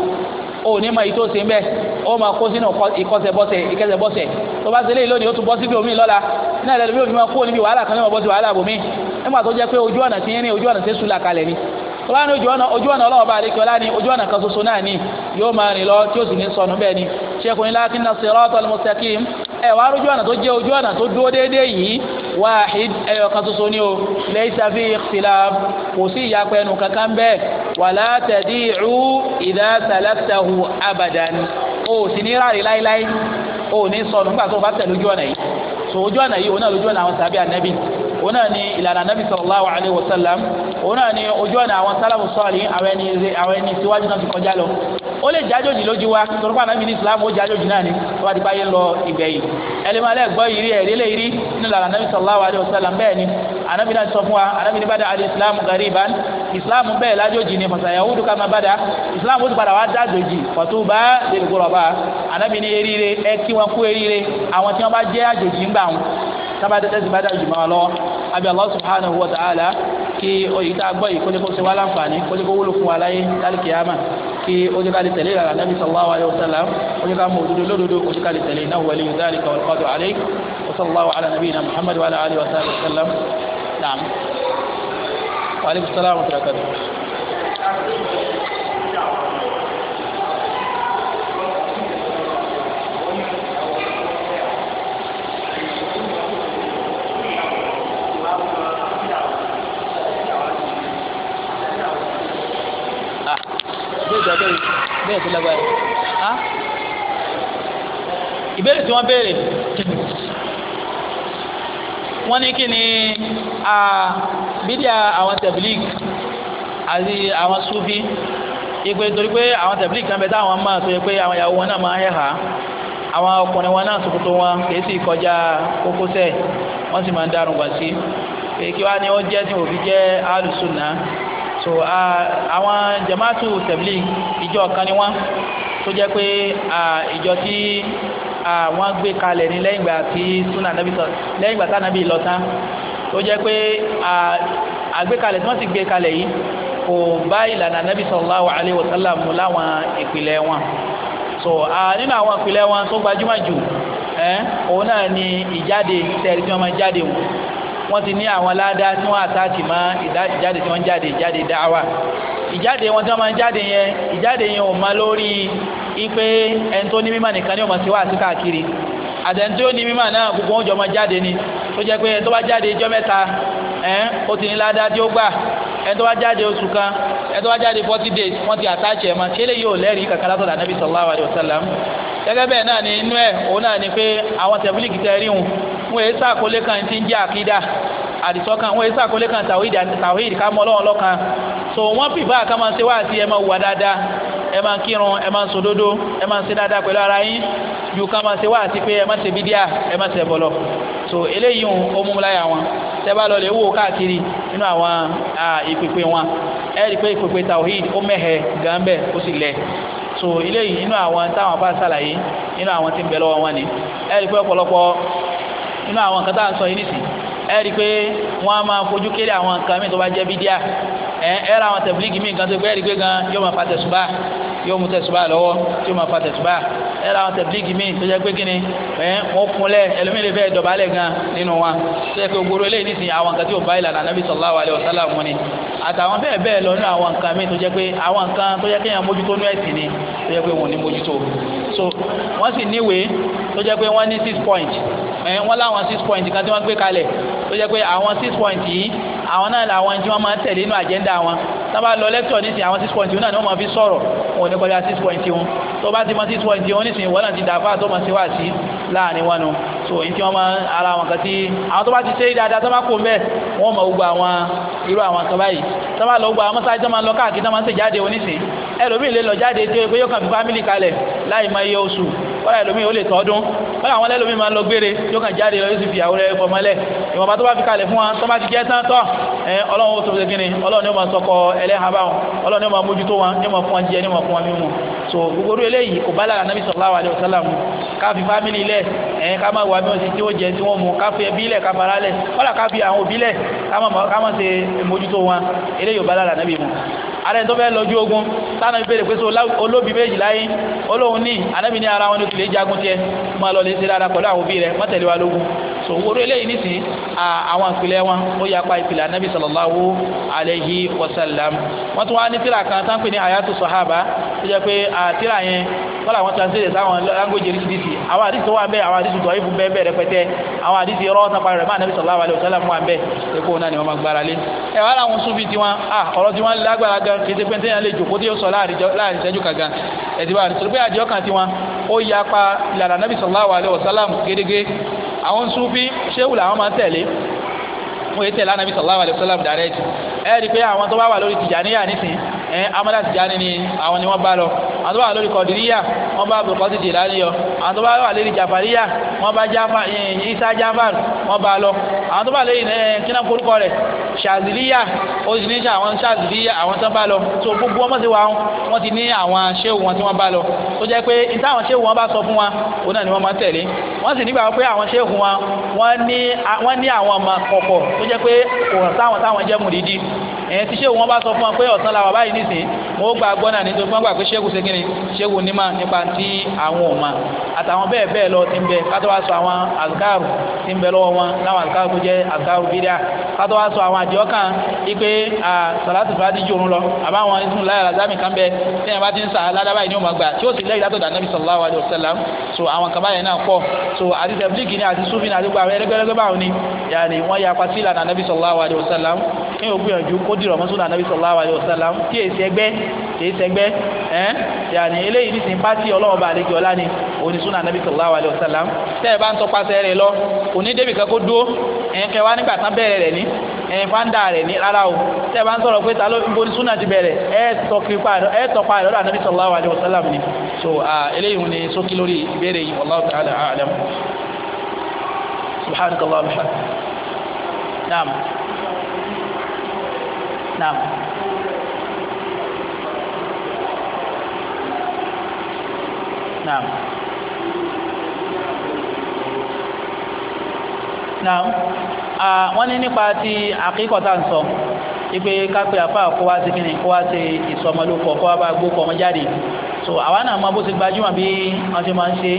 o ní ma ìtò sí ń bẹ o ma kó sínú ìkọsẹ̀bọsẹ̀ ìkẹsẹ̀bọsẹ̀ tó bá ṣẹlẹ̀ lónìí o tún bọ́ síbi omi lọ́la ní àlẹ́ lómi ma kó níbi wàhálà kan ní ma bọ́ sí wàhálà bòmí nígbà tó jẹ́ pé ojú ọ̀nà ti ń rìn ojú ọ̀nà ti sùn làkalẹ̀ ni tó bá ní ojú ọ̀nà ojú ọ̀nà ọlọ́wọ́ bá rí ọlá ni ojú ọ̀nà kan ṣoṣo náà ni yóò máa rìn lọ tí ó sì ní sọnù bẹ́ẹ̀ ni ṣe kò ní láti ná siratal ọ̀nà tó jẹ́ ojú ọ̀nà tó dúró déédéé yìí wáhid ẹyọ kan ṣoṣo ni o laysa fi ikhtilaf kò sí ìyapa ẹnu kankan bẹ́ẹ̀ wàlá tadi'u idha salaftahu abadan o sì ní rárí láíláí o ní sọnù nígbà tó o bá tẹ̀lé ojú ọ̀nà yìí so ojú ọ̀nà yìí òun náà lójú ọ̀nà àwọn sàbí ànábì òun náà ni ìlànà ànábì sallallahu alaihi wasallam òun náà ni ojú ọ̀nà àwọn sálàmù sọ́ọ̀lì àwọn ẹni síwájú náà ti kọjá lọ ó lè jájòjì lójú wa torí pé ànábì ní islam ó jájòjì náà ni tó bá ti báyé lọ ìgbẹ́ yìí ẹlẹ́mọ̀lẹ́ gbọ́ ìrí ẹ̀rí lè rí nínú ìlànà ànábì sallallahu alaihi wasallam bẹ́ẹ̀ ni ànábì náà sọ fún wa ànábì ní bàdà àdé islam gariban islam bẹ́ẹ̀ lájòjì ni fàṣà yahudu kama bàdà islam ó ti padà wá dájòjì fatuba lil ghuraba ànábì ní eríire ẹ kí wọn kú eríire àwọn tí wọn bá jẹ́ àjòjì ń gbà wọn tábàdé tẹ́sí Allah subhanahu wa kí oyè tá a gbọ́ yìí kó ní kó ṣe wá láǹfààní kó ní kó wúlò fún wa láyé lálùkìyàmà kí ó ní ká lè tẹ̀lé ìlànà nàbí sallallahu alayhi wa sallam ó ní ká mọ òdodo lódodo kó sì ká lè tẹ̀lé náà waliyu dhalika wal qadiru alayhi wa sallallahu ala nabiyyina muhammad wa ala alihi wa sahbihi wa naam wa alaykum salaam wa rahmatulah. ìbéèrè tó lágbára ha ìbéèrè tí wọ́n béèrè wọ́n ní kí ni bídíà àwọn tẹ̀blík àti àwọn sufi ìpè torí pé àwọn tẹ̀blík náà bẹ́ẹ̀ táwọn máa sọ pé àwọn ìyàwó wọn náà máa hẹ́hà àwọn ọkùnrin wọn náà ṣòkòtò wọn kìí sì kọjá kókósẹ̀ wọ́n sì máa ń dárùn gbà sí kí wá ni ó jẹ́ tí òfin jẹ́ alùsùn náà so uh, àwọn jamaatu tẹ̀blì ìjọ kan ni wọ́n tó jẹ́ pé uh, ìjọ tí uh, wọ́n gbé kalẹ̀ ní lẹ́yìn ìgbà tí sunna nabi sọ lẹ́yìn ìgbà tí anabi lọ tán tó jẹ́ pé àgbékalẹ̀ tí wọ́n sì gbé kalẹ̀ yìí kò bá ìlànà nabi sallallahu alaihi wa sallam mu láwọn ìpìlẹ̀ wọn so nínú àwọn ìpìlẹ̀ wọn tó gbajúmọ̀ jù eh, òun náà ni ìjáde tẹ̀lé tí wọ́n máa jáde wọn wọ́n ti ní àwọn ládàá tí wọ́n àtàkì mọ́ ìjáde tí wọ́n jáde ìjáde dáwà ìjáde wọn tí wọ́n máa ń jáde yẹn ìjáde yẹn ò má lórí ipe ẹni tó ní mímọ̀ nìkan ni òmò sí wá sí káàkiri àtẹni tó ní mímọ̀ náà gbogbo wọn jọ máa jáde ni tó jẹ́ pé ẹni tó bá jáde ijọ́ mẹ́ta ẹ̀ ó ti ní ládàá tí ó gbà ẹni tó bá jáde oṣù kan ẹni tó bá jáde forty days wọ́n ti àtàkì ẹ̀ mọ́ ṣé lè yóò lẹ́rìí kankan látọ̀dọ̀ Ànábì gẹ́gẹ́ bẹ́ẹ̀ náà ni inú ẹ̀ òun náà ni pé àwọn tẹ̀bílì kìtẹ́ rí wọn wọn èyí sàkólé kan ti ń jẹ́ àkídà àdìsọ́kàn wọn èyí sàkólé kan tàwíìdì ká mọ́ ọlọ́run lọ́kan so wọ́n pìfà ká máa ṣe wáàsí ẹ máa wùwà dáadáa ẹ máa kírun ẹ máa sòdodo ẹ máa ṣe dáadáa pẹ̀lú ara yín ju ká máa ṣe wáàsí pé ẹ máa ṣe bídíà ẹ máa ṣe bọ̀lọ̀ so eléyìí ó mú láyà wọn tẹ́bá lọ lè wò káàkiri nínú àwọn ìpèpè wọn ẹ rí i pé ìpèpè tawhid ó mẹ́hẹ̀ gan bẹ́ẹ̀ ó sì lẹ̀ so eléyìí nínú àwọn táwọn bá ṣàlàyé nínú àwọn tí ń bẹ lọ́wọ́ wọn ni ẹ rí i pé ọ̀pọ̀lọpọ̀ inú àwọn nǹkan tá à ń sọ yìí nìsín ẹ rí i pé wọ́n á máa fojú kéré àwọn nǹkan míì tó bá jẹ́ bídíà ẹ ẹ ra àwọn tẹ̀blígì míì kan tó gbé ẹ rí i pé gan yóò máa fa tẹ̀sùbá yóò mú tẹ̀sùbá lọ́wọ́ yóò máa fa tẹ̀sùbá ẹ ra àwọn tẹ̀blígì míì tó jẹ́ pé kíni ẹ wọ́n kúnlẹ̀ ẹlòmíì lè fẹ́ dọ̀bálẹ̀ gan nínú wa tó yẹ pé gbogbo eléyìí nìsín àwọn nǹkan tí ò bá ìlànà Ànábì sallallahu alaihi wasallam mu ni àtàwọn bẹ́ẹ̀ bẹ́ẹ̀ lọ nínú àwọn nǹkan míì tó jẹ́ pé àwọn nǹkan tó yẹ kéèyàn mójútó tó jẹ́ pé wọ́n ní six point ẹ̀ wọ́n láwọn six point kan tí wọ́n gbé kalẹ̀ tó jẹ́ pé àwọn six point yìí àwọn náà làwọn tí wọ́n máa tẹ̀lé inú àjẹ́ndà wọn tá lọ lẹ́tọ̀ nísìnyí àwọn six point yìí náà ni wọ́n máa fi sọ̀rọ̀ wọn ò ní kọjá six point yìí wọn tó bá ti mọ six point yìí wọn nísìnyí wọ́n náà ti dàáfà tó máa ṣe wá sí láàrin wọn nu so èyí tí wọ́n máa ara wọn kan tí àwọn tó bá ti ṣe é dáadáa tó kó mbẹ́ wọ́n máa gbogbo àwọn irú àwọn kan báyìí tó lọ gbogbo àwọn mọ́sáájú tó máa lọ káàkiri tó máa ń ṣèjáde oníṣìí ẹlòmíì lè lọ jáde tí ó yẹ kó yóò fi fámìlì kalẹ̀ láì máa yẹ oṣù kọ́lá ẹlòmíì ó lè tọ́dún kọ́lá àwọn ẹlòmíì máa ń lọ gbére yóò kàn jáde yóò fi àwọn ẹ̀fọ́ mọ́lẹ̀ ìwọ̀nba tó bá fi kalẹ̀ fún wa tó bá ti jẹ́ tán tọ́ ẹ ọlọ́run ó sọ̀rọ̀ kíni ọlọ́run ni ó máa sọkọ ẹlẹ́hàbá wọn ọlọ́run ni ó máa mójútó wọn ni ó máa fún wọn jẹ ni ó máa fún wọn mímu so gbogbo orí eléyìí kò bá lára nàbí sallallahu alaihi wasallam ká fi fámìlì lẹ̀ ẹ̀ ká máa wà bí wọ́n ti tí wọ́n jẹ tí wọ́n mu ká fi ẹbí lẹ̀ ká fara lẹ̀ kọ́lá ká fi àwọn òbí lẹ̀ ká máa ṣe mójútó wọn eléyìí ò bá nàbí mu ààrẹ tó fẹ́ lọ́jú ogun sáànà ìbéèrè pé olóbi méjì láyé olóhùn ní ànábì ní ara wọn ní kìlẹ̀ jagun tiẹ̀ máa lọ lè ṣe dáadáa pẹ̀lú àwọn òbí rẹ̀ mọ́tẹ̀lẹ́wà lógún so wóró eléyìí nísìn àwọn ìpìlẹ̀ wọn ó yapa ìpìlẹ̀ anabi sallallahu alayhi wa sallam wọ́n tún wá ní tíra kan tán pè ní ayatu sahaba tó jẹ́ pé tíra yẹn wọ́n làwọn translate sáwọn language oríṣiríṣi àwọn àdìsí tó wà bẹ́ẹ̀ àwọn àdìsí tó ìfún bẹ́ẹ̀ bẹ́ẹ̀ rẹpẹtẹ àwọn àdìsí ọ̀rọ̀ ọ̀sán parí rẹ̀ má anabi sallallahu alayhi wa sallam wà bẹ́ẹ̀ èkó náà ni wọ́n máa gbára lé ẹ̀ wọ́n làwọn sún fi tiwọn ọ̀rọ̀ tiwọn lágbára gan kété pé téèyàn lè jòkó tí yóò sọ láàrin ìṣẹ́jú kàgan ẹ̀sìn bá a sọ pé àdìọ́kàn tiwọn ó yapa ìlànà sallallahu alayhi wa sallam àwọn sufi sehu làwọn máa ń tẹ̀lé wọ́n yé tẹ̀lé anabi sallallahu alayhi wa sallam direct ẹ̀ẹ́dì pé àwọn tó bá wà lórí tìjànìyà nísìnyí ẹ eh, amada tijani ni àwọn ni wọ́n bá lọ àwọn tó bá wà lórí kọdiriya jilani yọ àwọn tó jafariya wọ́n bá jafa eh, isa jafar wọ́n bá lọ àwọn tó bá lórí eh, kíná korúkọ rẹ̀ ṣaziliya ó sì ní àwọn ṣaziliya àwọn tó bá lọ tó gbogbo wọn ti wà wọ́n ti ní àwọn ṣéwù wọn tí wọ́n bá lọ tó jẹ́ pé ní táwọn ṣéwù wọn bá sọ fún wa òun náà ni wọ́n máa tẹ̀lé wọ́n sì nígbà pé àwọn ṣéwù wọn wọ́n ní àwọn ọmọ kọ̀ọ̀kọ̀ tó jẹ́ pé kò hàn sáwọn táwọn jẹ́ mùdídì ẹ̀ tí sẹ́wọ̀n bá sọ fún wa pé ọ̀sán la wà báyìí nísìn mo gbà gbọ́ náà nítorí wọ́n gbà pé sẹ́wọ̀n ṣe kíni sẹ́wọ̀n ní máa nípa ti àwọn ọ̀ma àtàwọn bẹ́ẹ̀ bẹ́ẹ̀ lọ ti ń bẹ kátó wá sọ àwọn àzùkárù ti ń bẹ lọ́wọ́ wọn láwọn àzùkárù tó jẹ́ àzùkárù bídíà kátó wá sọ àwọn àjọ kan ipe sàlátì fàájì jòrún lọ àbáwọn ìsún láyà làzámì kan bẹ so àwọn kaba yẹn náà so àti tẹ̀blíkì ni àti súfin àti gbàgbẹ́ ẹlẹgbẹ́lẹgbẹ́ báwọn ni yàrá wọn yà pa sí ìlànà nàbì sallallahu alaihi wasallam ní dìrọ̀ mọ́ súnà nàbí sallallahu alaihi wasallam tí èsì ẹgbẹ́ èsì ẹgbẹ́ ẹ́n yàní eléyìí ní sìn pátì ọlọ́wọ́ bá ọlá ni òní súnà nàbí sallallahu alaihi wasallam tẹ́ ẹ bá ń tọpasẹ̀ rẹ̀ lọ òní débì kan kó dúró wa nígbà tán bẹ̀rẹ̀ rẹ̀ ní ẹ̀ǹ fáńdà ní rárá o tẹ́ ẹ bá ń sọ̀rọ̀ pé ta ló ń boni súnà ti bẹ̀rẹ̀ ẹ̀ Islam. Naam. Naam. Wọ́n ní nípa ti àkíkọ̀tà ń sọ ipe kápẹ́ àfa kó wá sí kínní kó wá sí ìsọmọlúkọ kó wá bá gbó kọ́ ọmọ jáde so àwa náà máa bó ti gbajúmọ̀ bí wọ́n ti máa ń ṣe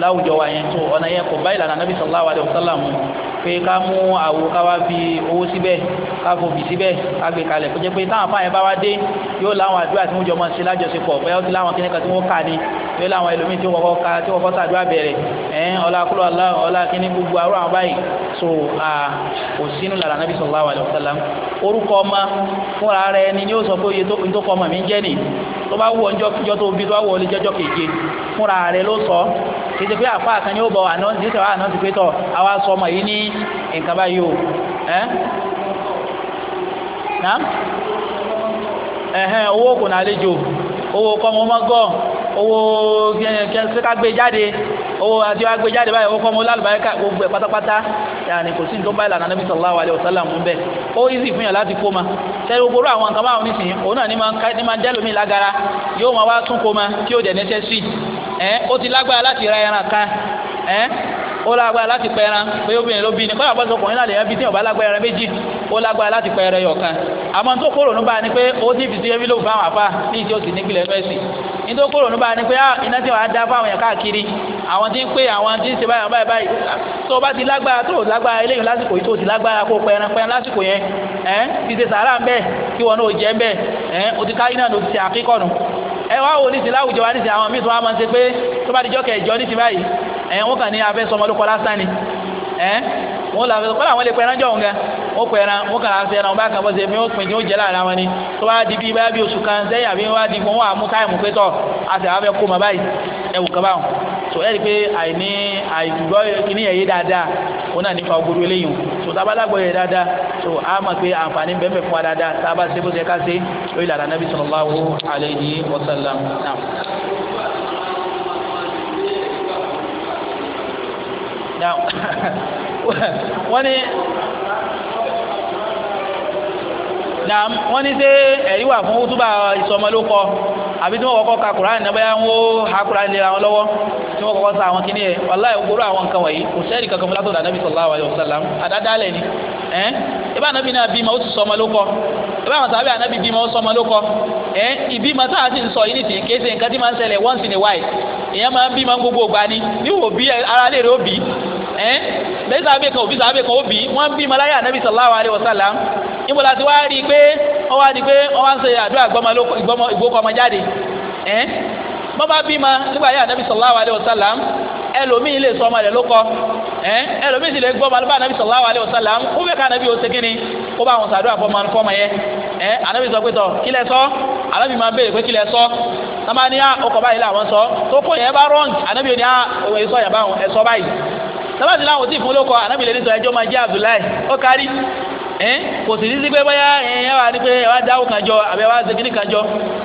láwùjọ wa yẹn so ọ̀nà yẹn kò bá ìlànà nàbì sallallahu alaihi wasallam pé ká mú àwo ká wá fi owó síbẹ̀ ká fòbì síbẹ̀ ká gbé kalẹ̀ kó jẹ́ pé táwọn afáàyàn bá wá dé yóò láwọn àdúrà tí wọ́n jọ máa ṣe lájọṣepọ̀ bóyá ó ti láwọn kíníkan tí wọ́n kà ní yóò láwọn ẹlòmíì tí wọ́n ká tí wọ́n fọ́ sàdúrà bẹ̀rẹ̀ ẹ̀ ọlá kúló gbogbo àrùn àwọn báyìí so kò sínú lára nàbí sallallahu alaihi wasallam orúkọ ọmọ fúnra ni yóò sọ pé oye tó kọ ọmọ mi jẹ́ nì tó bá wù ọjọ́ kíjọ́ tó bí tó bá wù keje fúnra rẹ̀ ló sọ tètè pé àpá àkànní ó bọ̀ àná owó kẹsíkà gbé jáde owó àti wàá gbé jáde báyìí owó kọ́mọ lálùbáríkà gbogbo ẹ̀ pátápátá yàrá kò sí ní tó bá ìlànà nàbí sallallahu alaihi wasallam mú bẹ́ẹ̀ ó yíṣì fún yàn láti kó ma gbogbo rú àwọn nǹkan báwọn nísìnyí òun náà ní lágara yóò wá tún kó ma kí ó dẹ̀ nẹ́sẹ̀ sí ẹ̀ ó ti lágbára láti ra ẹran kan ẹ̀ ó lágbára láti pẹ ẹran pé obìnrin ló bí ni kọ́ àbọ̀ sọkùnrin náà lè yan bí tí ó bá lágbára ẹran méjì ó lágbára láti pẹ ẹran yọ̀ọ̀kan àmọ́ tó kóró nípa ni pé ó ti fi sí ẹ́mílò fún àwọn àfa ní òsì nítorí kúrò nípa ni pé ah, iná tí wàá dá fáwọn yẹn káàkiri àwọn tí ń pè àwọn tí ń ṣe báyìí báyìí báyìí tó bá ti lágbára tó lágbára eléyìí lásìkò yìí tó ti lágbára kó pẹran pẹran lásìkò yẹn ẹ ti ṣe sàárà ń bẹ kí wọn náà jẹ ń bẹ ẹ o ti káyí náà ló ti ṣe àkíkọ̀ ẹ wá wò nísìnyí láwùjọ wa nísìnyí àwọn míì tó wá máa ń ṣe pé tó bá di jọ́kẹ̀ ìjọ nísìnyí báyìí ẹ wọn kàn ní abẹ́ sọmọlúkọ lásán ni ẹ wọn là kọ́lá àwọn lè pẹ́ ẹran jọ̀hún gan wọn pẹ́ ẹran wọn kàrà ṣe ẹran wọn bá kàn bọ́sẹ̀ mi ó pin tí ó jẹ́ láàrin àwọn ni tó bá di bí bá bí oṣù kan sẹ́yìn àbí wọn á di wọn wà mú táìmù pé tọ̀ a sì àfẹ́ kó ma báyìí ẹwù kan báwọn tó ẹ̀rí pé àìní àìgbọ́ kíní ẹ̀yẹ dáadáa wọn náà nípa ogoro eléyìí tó tá a yẹ dáadáa tó a mọ̀ pé àǹfààní bẹ́ẹ̀ fún wa dáadáa tá a bá ṣe bó ṣe ká ṣe lórí ìlànà Nabi sallallahu alayhi wa náà. now wọ́n ní na wọ́n ní ṣé ẹ̀rí wà fún ka kuran ní bóyá wọ́n ha kuran lé sa àwọn kìíní gbogbo àwọn nǹkan wọ̀nyí kò sẹ́ẹ̀rì kankan fún látọ̀dọ̀ anábì sallallahu alaihi wasallam àdádálẹ̀ ni ẹ́ ibà anábì náà bímọ ó ti sọmọlókọ ibà àwọn sábẹ́ anábì bímọ ó ìbímọ ti sọ yìí nǹkan tí máa ń once in a while ìyẹn ara lè ẹ́ lẹ́yìn sábẹ́ kan òbí sábẹ́ kan òbí wọ́n bí malaya anabi sallallahu alayhi wa sallam níbo ti wá rí i pé wọ́n wá di pé wọ́n wá ń ṣe àdúrà ìgbókọ̀ ẹ́ bọ́n bá bí ma nígbà yà anabi sallallahu alayhi wa sallam ẹlòmíì lè sọ ọmọ rẹ̀ ló kọ ẹlòmíì sì lè gbọ́ ọmọ anabi sallallahu alayhi wa sallam kó bẹ́ẹ̀ ká anabi kó bá sàdúrà sọ pé tọ kílẹ̀ sọ anabi máa béèrè sọ ah, ọkọ̀ sọ tó kó sábàtì láwọn tí fún lóko anábìlẹ ní sọ ẹjọ máa jẹ abdullahi ó kárí ẹn kò sì ní sí pé bóyá ẹn wà ní pé ẹ wá dáwó kan jọ àbẹ wá segin kan jọ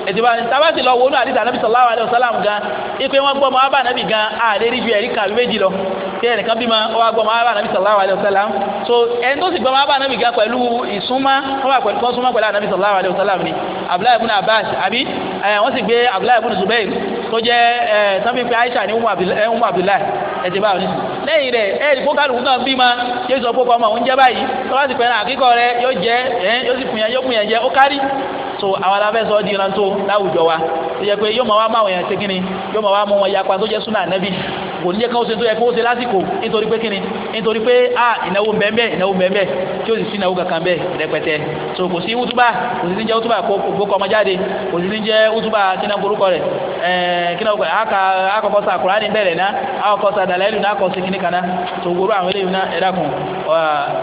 ètò ìbáraẹni sábàtì lọ wọnú àdìsá anábì sallallahu alaihi wasallam gan ipe wọn gbọmọ abá anábì gan àlè rí ju ẹrí kan àbí méjì lọ pé ẹnìkan bímọ ọwọ agbọmọ abá anábì sallallahu alaihi wasallam so ẹni tó sì gbọmọ abá anábì gan pẹ̀lú ìsúnmá wọn wà pẹ̀lú kọ́súnmá pẹ̀lú anábì sallallahu alaihi wasallam ni abdullahi ibn abbas àbí wọn sì gbé abdullahi ibn zubair tó jẹ́ ẹ sanfin pé Aisha ní umu Abdullahi ẹ̀sìn báwọn nísìnyí lẹ́yìn rẹ̀ ẹ̀ ẹ̀dì kókàlùkù náà bí ma yóò sọ fópa ọmọ òun jẹ́ báyìí tó bá sì pẹ̀lú àkíkọ̀ yóò jẹ́ ẹ̀ yóò sì fún yẹn yóò fún yẹn jẹ́ ó kárí so àwọn aláfẹ́sọ di ìrántó láwùjọ wa tó jẹ́ pé yóò máa wá máa wọ̀nyẹn ṣe kíni yóò máa wá mú wọn yapa tó jẹ́ súnà nẹ́bí kò ní jẹ́ káwọ́ ṣe tó yẹ kó ṣe lásìkò nítorí pé kíni nítorí pé a ìnáwó bẹ́ẹ̀ ìnáwó bẹ́ẹ̀ tí ó sì sí ìnáwó kankan bẹ́ẹ̀ rẹpẹtẹ so kò sí wútúbà kò sí ní jẹ́ wútúbà gbókọ̀ ọmọ jáde kò sí ní jẹ́ wútúbà kíná borúkọ rẹ̀ ẹ̀ẹ́ kíná borúkọ aka akọkọ sa Kùránì bẹ̀rẹ̀ ná akọkọ sa dàlẹ́lù ná kọ sí kíní kaná so gbogbo àwọn eléyìí ná ẹ̀dá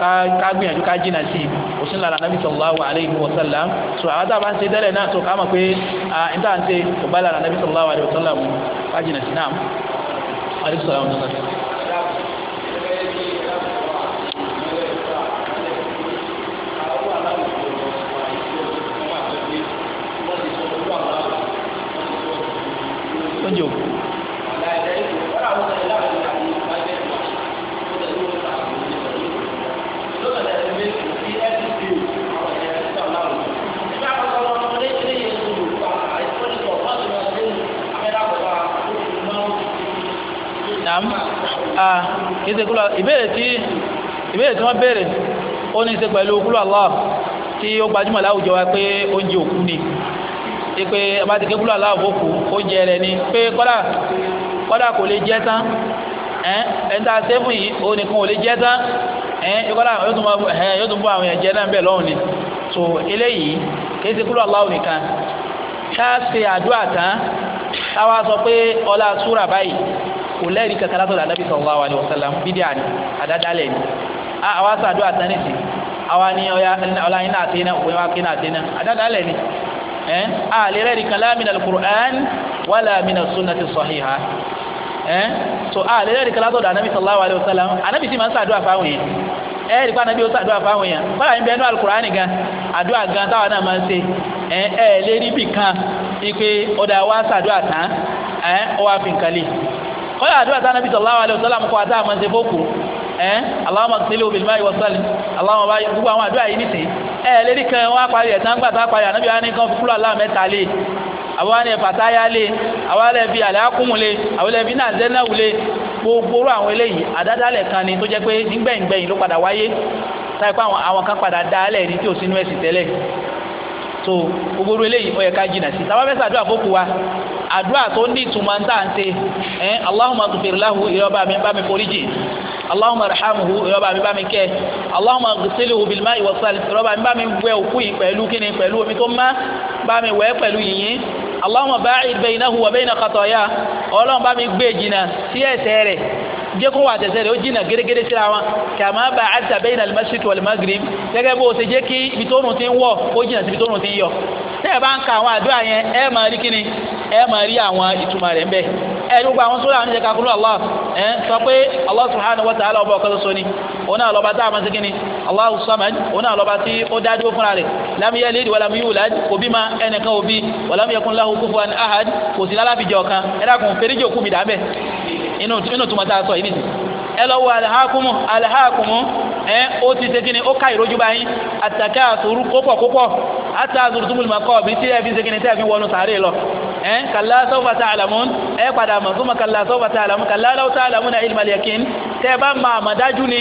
kan ká gbìyànjú ká jìnà sí i kò sí lára nàbí sallallahu alayhi wa sallam so àwọn tá a bá ń ṣe tẹ́lẹ̀ náà so ká mọ̀ pé à ń tà kò bá lára nàbí sallallahu alayhi wa sallam ká jìnà sí náà àdìsọ àwọn ọmọ náà. oúnjẹ òkú. Ah, kìí ṣe kúlọ̀ ìbéèrè tí ìbéèrè wọ́n béèrè ó ní í pẹ̀lú kúlọ̀ Allah tí ó gbajúmọ̀ láwùjọ pé oúnjẹ òkú ni pé ọba ti ké kúlọ̀ Allah òkú oúnjẹ rẹ̀ ni pé kọ́dà kò lè jẹ́ tán ẹn tá a ṣe fún yìí òun nìkan ò lè jẹ́ tán kọ́dà yóò tún bọ́ àwọn ẹ̀jẹ̀ náà bẹ̀ lọ́hùn ni eléyìí ṣe nìkan kò lẹ́rìí kankan látọ̀dọ̀ anábì sallallahu alaihi wasallam bídíà ni àdádálẹ̀ ni àwa sàdúrà sánìtì àwa ni ọlá iná àti iná òpin wa kí iná àti iná àdádálẹ̀ ni ẹ̀ á lè rẹ́rìí kan la min al-Qur'an wala min as-sunnati as-sahiha ẹ̀ so á lè rẹ́rìí kan látọ̀dọ̀ anábì sallallahu alaihi wasallam anábì sì máa ń sàdúrà fáwọn yẹn ẹ̀ ẹ̀ rí pa anábì ó sàdúrà fáwọn kọ́lá àdúrà tí anabi sallallahu alayhi wa sallam kọ́ àti àwọn ṣe fókù ẹ́ Allahumma ighsilhu bil ma'i was salji Allahumma bá gbogbo àwọn àdúrà yìí nìsín ẹ lérí kan wọn apari ẹ̀ tán gbà tá apari anabi wa ni kan fúlọ̀ Allah mẹ́ta lé àwọn ni fataya lé àwọn lè fi àlẹ́ akúmu lé àwọn lè fi nàzẹ́nàwù lé gbogbo àwọn eléyìí àdádálẹ̀ kan ni tó jẹ́ pé nígbẹ̀yìngbẹ̀yìn ló padà wáyé táyì pé àwọn kan padà dá alẹ́ ní tí ò sínú ẹ̀sìn tẹ́lẹ̀ so gbogbo eléyìí ó yẹ ká jìnnà sí tàbá fẹsẹ̀ àdúrà fókù wa àdúrà tó ní ìtumọ̀ ń tà ń ṣe ẹ Allahumma ghfir lahu ìrọba mi bá mi foríjì Allahumma arhamhu ìrọba mi bá mi kẹ́ Allahumma ghsilhu bil ma'i was sal ìrọba mi bá mi wẹ òkú yìí pẹ̀lú kíni pẹ̀lú omi tó má bá mi wẹ̀ pẹ̀lú yìnyín Allahumma ba'id bainahu wa baina khataya Ọlọ́run bá mi gbé jìnnà sí ẹ̀ṣẹ̀ rẹ̀ Je kó wà tẹ̀sẹ̀ rẹ̀ ó jìnnà gẹ́gẹ́dẹ́ síra wọn kàmá bá àtà bẹ́yìn al-masjid wal-maghrib gẹ́gẹ́ bó o ṣe jẹ́ kí ibi tó rùn ti ń wọ̀ ó jìnnà síbi tó rùn ti ń e tẹ́ ẹ bá ń ka àwọn àdúrà yẹn ẹ máa rí kíni ẹ máa rí àwọn ìtumọ̀ rẹ̀ ń bẹ Allah ẹ sọ pé Allah subhanahu wa ta'ala ọba ọ̀kan ṣoṣo ni òun náà lọ́ba tá a máa ṣe kíni Allahu samad òun náà lọ́ba tí ó dájú fúnra rẹ̀ lam yalid wa lam yulad òbí ma ẹnìkan òbí wa lam yakun lahu kufuwan ahad kò sí lálàbìjọ kan ẹ dákun fèrèjì òkú mi dà bẹ́ẹ̀ inú inú tó máa tá a sọ yìí nìyí ẹ lọ wo alihakumu alihakumu ẹ ó ti ṣe kíni ó ká ìrójú báyìí àtàkẹ́ àtòrú kópọ̀ kópọ̀ àtà àtòrútúmùlù màkọ́ bí tí ẹ fi ṣe kíni tí ẹ fi wọnú sàárè lọ ẹ kàlá sọ́fà tá a làmú ẹ padà mọ̀ súnmọ́ kàlá sọ́fà tá a làmú kàlá lọ́wọ́ tá a làmú náà ilmàlẹ́kín tẹ́ ẹ bá máa mọ̀ dájú ni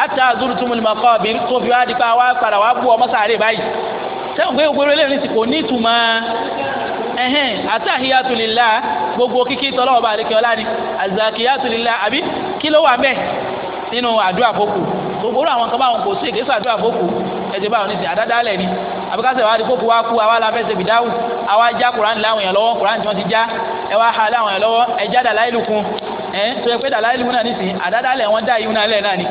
hata zurtumul maqabir tó fi wá di pa wá padà wá bú ọmọ sáré báyìí sẹ́wọ̀n pé gbogbo eléyìí ti kò ní ìtumọ̀ ẹ̀hẹ́n atahiyatu lillah gbogbo kíkí tọ́lọ́wọ́ bá àdékẹ́ ọlá ni azakiyatu lillah àbí kí ló wà mẹ́ nínú àdúrà fókù gbogbo àwọn kan báwọn kò sí ìgbésẹ̀ àdúrà fókù ẹ̀jẹ̀ báwọn ní ti àdádálẹ̀ ni àbíkásẹ̀ wa àdìpọ̀ kó wa kú àwa la fẹ́ ṣe bìdáwù àwa já kuran láwọn èèyàn lọ́wọ́ kuran tí wọ́n ti já ẹ wá ha láwọn èèyàn lọ́wọ́ ẹ já dàláìlù kun ẹ tó yẹ pé dàláìlù náà nísìnyí àdádálẹ̀ wọn dá ìhun náà lẹ̀ náà ni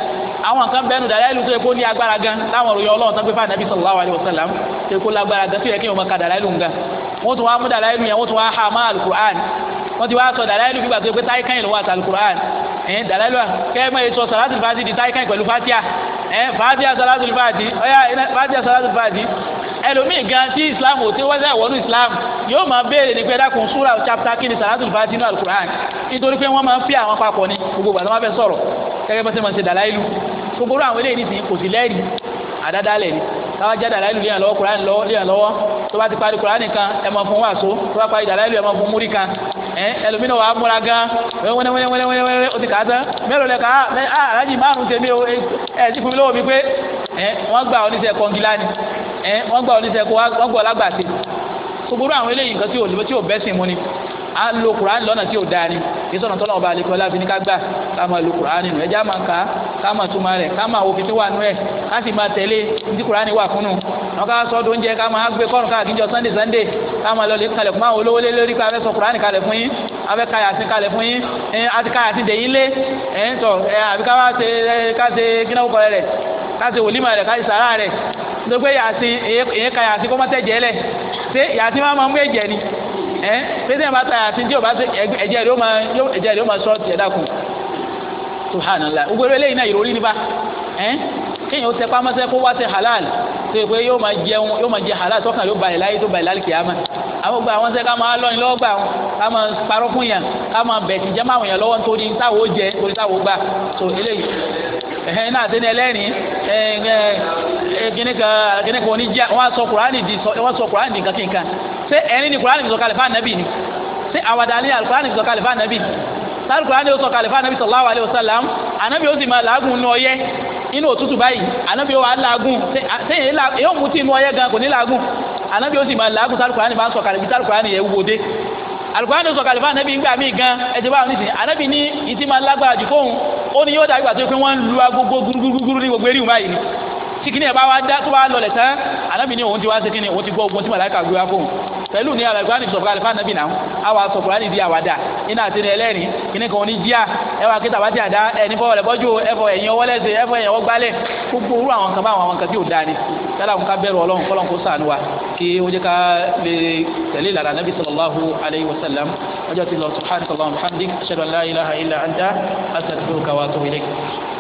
àwọn nǹkan bẹ́ẹ̀ nù dàláìlù tó yẹ kó ní agbára gan láwọn òròyìn ọlọ́run tó gbé fún anabi sallallahu alayhi wa sallam tó yẹ kó lágbára gan tó yẹ kí wọn ka dàláìlù gan wọn tún wá mú dàláìlù yẹn wọn tún wá ha má alukur'an wọn ti wá sọ dàláìlù gbígbà tó yẹ pé táyìkàn yìí ló wà sàlùkur'an ẹ̀ẹ́n dàláìlù kẹ́ẹ̀mọ́ yìí sọ sàlátì fàájì di táyìkàn pẹ̀lú fàtíà ẹ̀ẹ́n fàájìà sàlátì fàájì ọ̀yà fàájìà sàlátì fàájì ẹlòmíì gan tí islam ò tí wọ́n sẹ́ wọ́n ní islam yóò máa béèrè ní pé dákun súra chapter kí ni sàlátì fàájì ní alukur'an nítorí pé wọ́n máa ń fi àwọn papọ̀ ní gbogbo àti wọ́n fẹ́ sọ̀rọ̀ gẹ́gẹ́ bá ṣe máa ṣe dàláìlù gbogbo àwọn eléyìí nìsín kò sí lẹ́rìí àdádálẹ̀ ni káwá já dàláìlù léyàn lọ́wọ́ kúránì léyàn lọ́wọ́ tó bá ti parí kúránì kan ẹ máa fún wàásù tó bá parí dàláìlù ẹ máa fún múrí kan ẹ ẹlòmínà wàá múra gan wẹ́wẹ́wẹ́wẹ́wẹ́ o ti kà á tán mélòó lẹ kà á ah, alájì márùn tèmi o ẹ ti fún mi lọ́wọ́ mi pé ẹ wọ́n gbà oníṣẹ́ kọ́ngilá ni ẹ wọ́n gbà oníṣẹ́ kọ́ wọ́n gbà ọlágbàṣe gbogbo àwọn eléyìí nǹkan tí ò a lo Kùránì lọ́nà tí ò dáa ni ìsọ̀nà tọ́lọ̀ ọba àlekọ́ láfi ní ká gbà ká máa lo Kùránì nù ẹja máa ń kà á ká máa túmọ̀ rẹ̀ ká máa wo fi tí wà nú ẹ̀ ká sì máa tẹ̀lé ní Kùránì wà fún nù wọn ká sọ ọdún oúnjẹ ká máa gbé kọ́rùn káàkiri jọ Sunday Sunday ká máa lọ lè kalẹ̀ fún àwọn olówó lé lórí pé abẹ́ sọ Kùránì kalẹ̀ fún yín abẹ́ kayasin kalẹ̀ fún yín ẹ àti kayasin dè yín lé ẹ ń tọ̀ ẹ àbí ká wá ṣe ká ṣe kínáwó kọ́rẹ́ rẹ̀ ká ṣe wòlímà rẹ̀ ká ṣe sàrà rẹ̀ nítorí pé yàtí èyí kayasin kọ́mọ́tẹ́jẹ́ lẹ̀ ṣé yàtí máa máa mú ẹ̀jẹ̀ ni ẹ pété ẹ bá ta àti tí o bá ṣe rẹ o máa ẹ̀jẹ̀ rẹ o máa sọ tiẹ̀ dákun subhanallah gbogbo eléyìí náà ìròrí nípa ẹ kéèyàn ó tẹ pàmọ́sẹ́ kó wá halal tó yẹ pé yóò máa jẹun yóò máa jẹ halal tọ́kàn yóò balẹ̀ láyé tó balẹ̀ láyé kìámà àwọn gba àwọn sẹ́ ká máa lọ́yìn lọ́wọ́ gbà ká máa parọ́ fún yàn ká máa bẹ̀tì jẹ́ máa wọ̀nyàn lọ́wọ́ nítorí jẹ nítorí gbà tó eléyìí ẹ̀hẹ́n náà ni. Eh, kíníkan oníjà wọ́n sọ kùránì di wọ́n sọ kùránì di nǹkan kan ṣé ẹ̀rín ni kùránì fi sọ̀kalẹ̀ fún ànábì ni ṣé àwàdà ni kùránì fi sọ̀kalẹ̀ fún ànábì sáré kùránì ó sọ̀kalẹ̀ fún ànábì sallallahu alaihi wasallam ànábì ó sì máa làágùn nù ọyẹ́ inú òtútù báyìí ànábì ó wà làágùn ṣé èyí mú tí inú ọyẹ́ gan kò ní làágùn ànábì ó sì máa làágùn sáré kùránì bá sọ̀kalẹ̀ bí sáré kùránì yẹ wúwo dé alukóyánù sọ kàlífà anabi ń gbà mí gan ẹtì báwọn nísìnyí anabi ní ìtì máa lágbára jù fóun ó ní yóò dàgbà tó pé wọn ń lu agogo gúrúgúrú ní gbogbo eríhùn báyìí tí kìnìún bá wá dá tó bá lọlẹ̀ tán anábì ní òun ti wá sí kìnìún òun ti gbọ́ ogun tí màláìka gbé wá fóun pẹ̀lú ní alẹ́ ìgbàanì sọ̀kọ̀ alẹ́ fànàbì náà àwa sọ̀kọ̀ láti di àwàdà iná àti ní ẹlẹ́rìn kìnì kan ní díà ẹwà kí tàbá ti àdá ẹni fọwọ́ rẹ̀ bọ́jú ẹfọ ẹ̀yìn ọwọ́ lẹ́sẹ̀ ẹfọ ẹ̀yìn ọwọ́ gbálẹ̀ gbogbo orú àwọn kan bá àwọn kan tí ò dáa ni yálà ń ká bẹ̀rù ọlọ́run kọ́lọ́n kó ṣàánú wa kí ó jẹ́ ká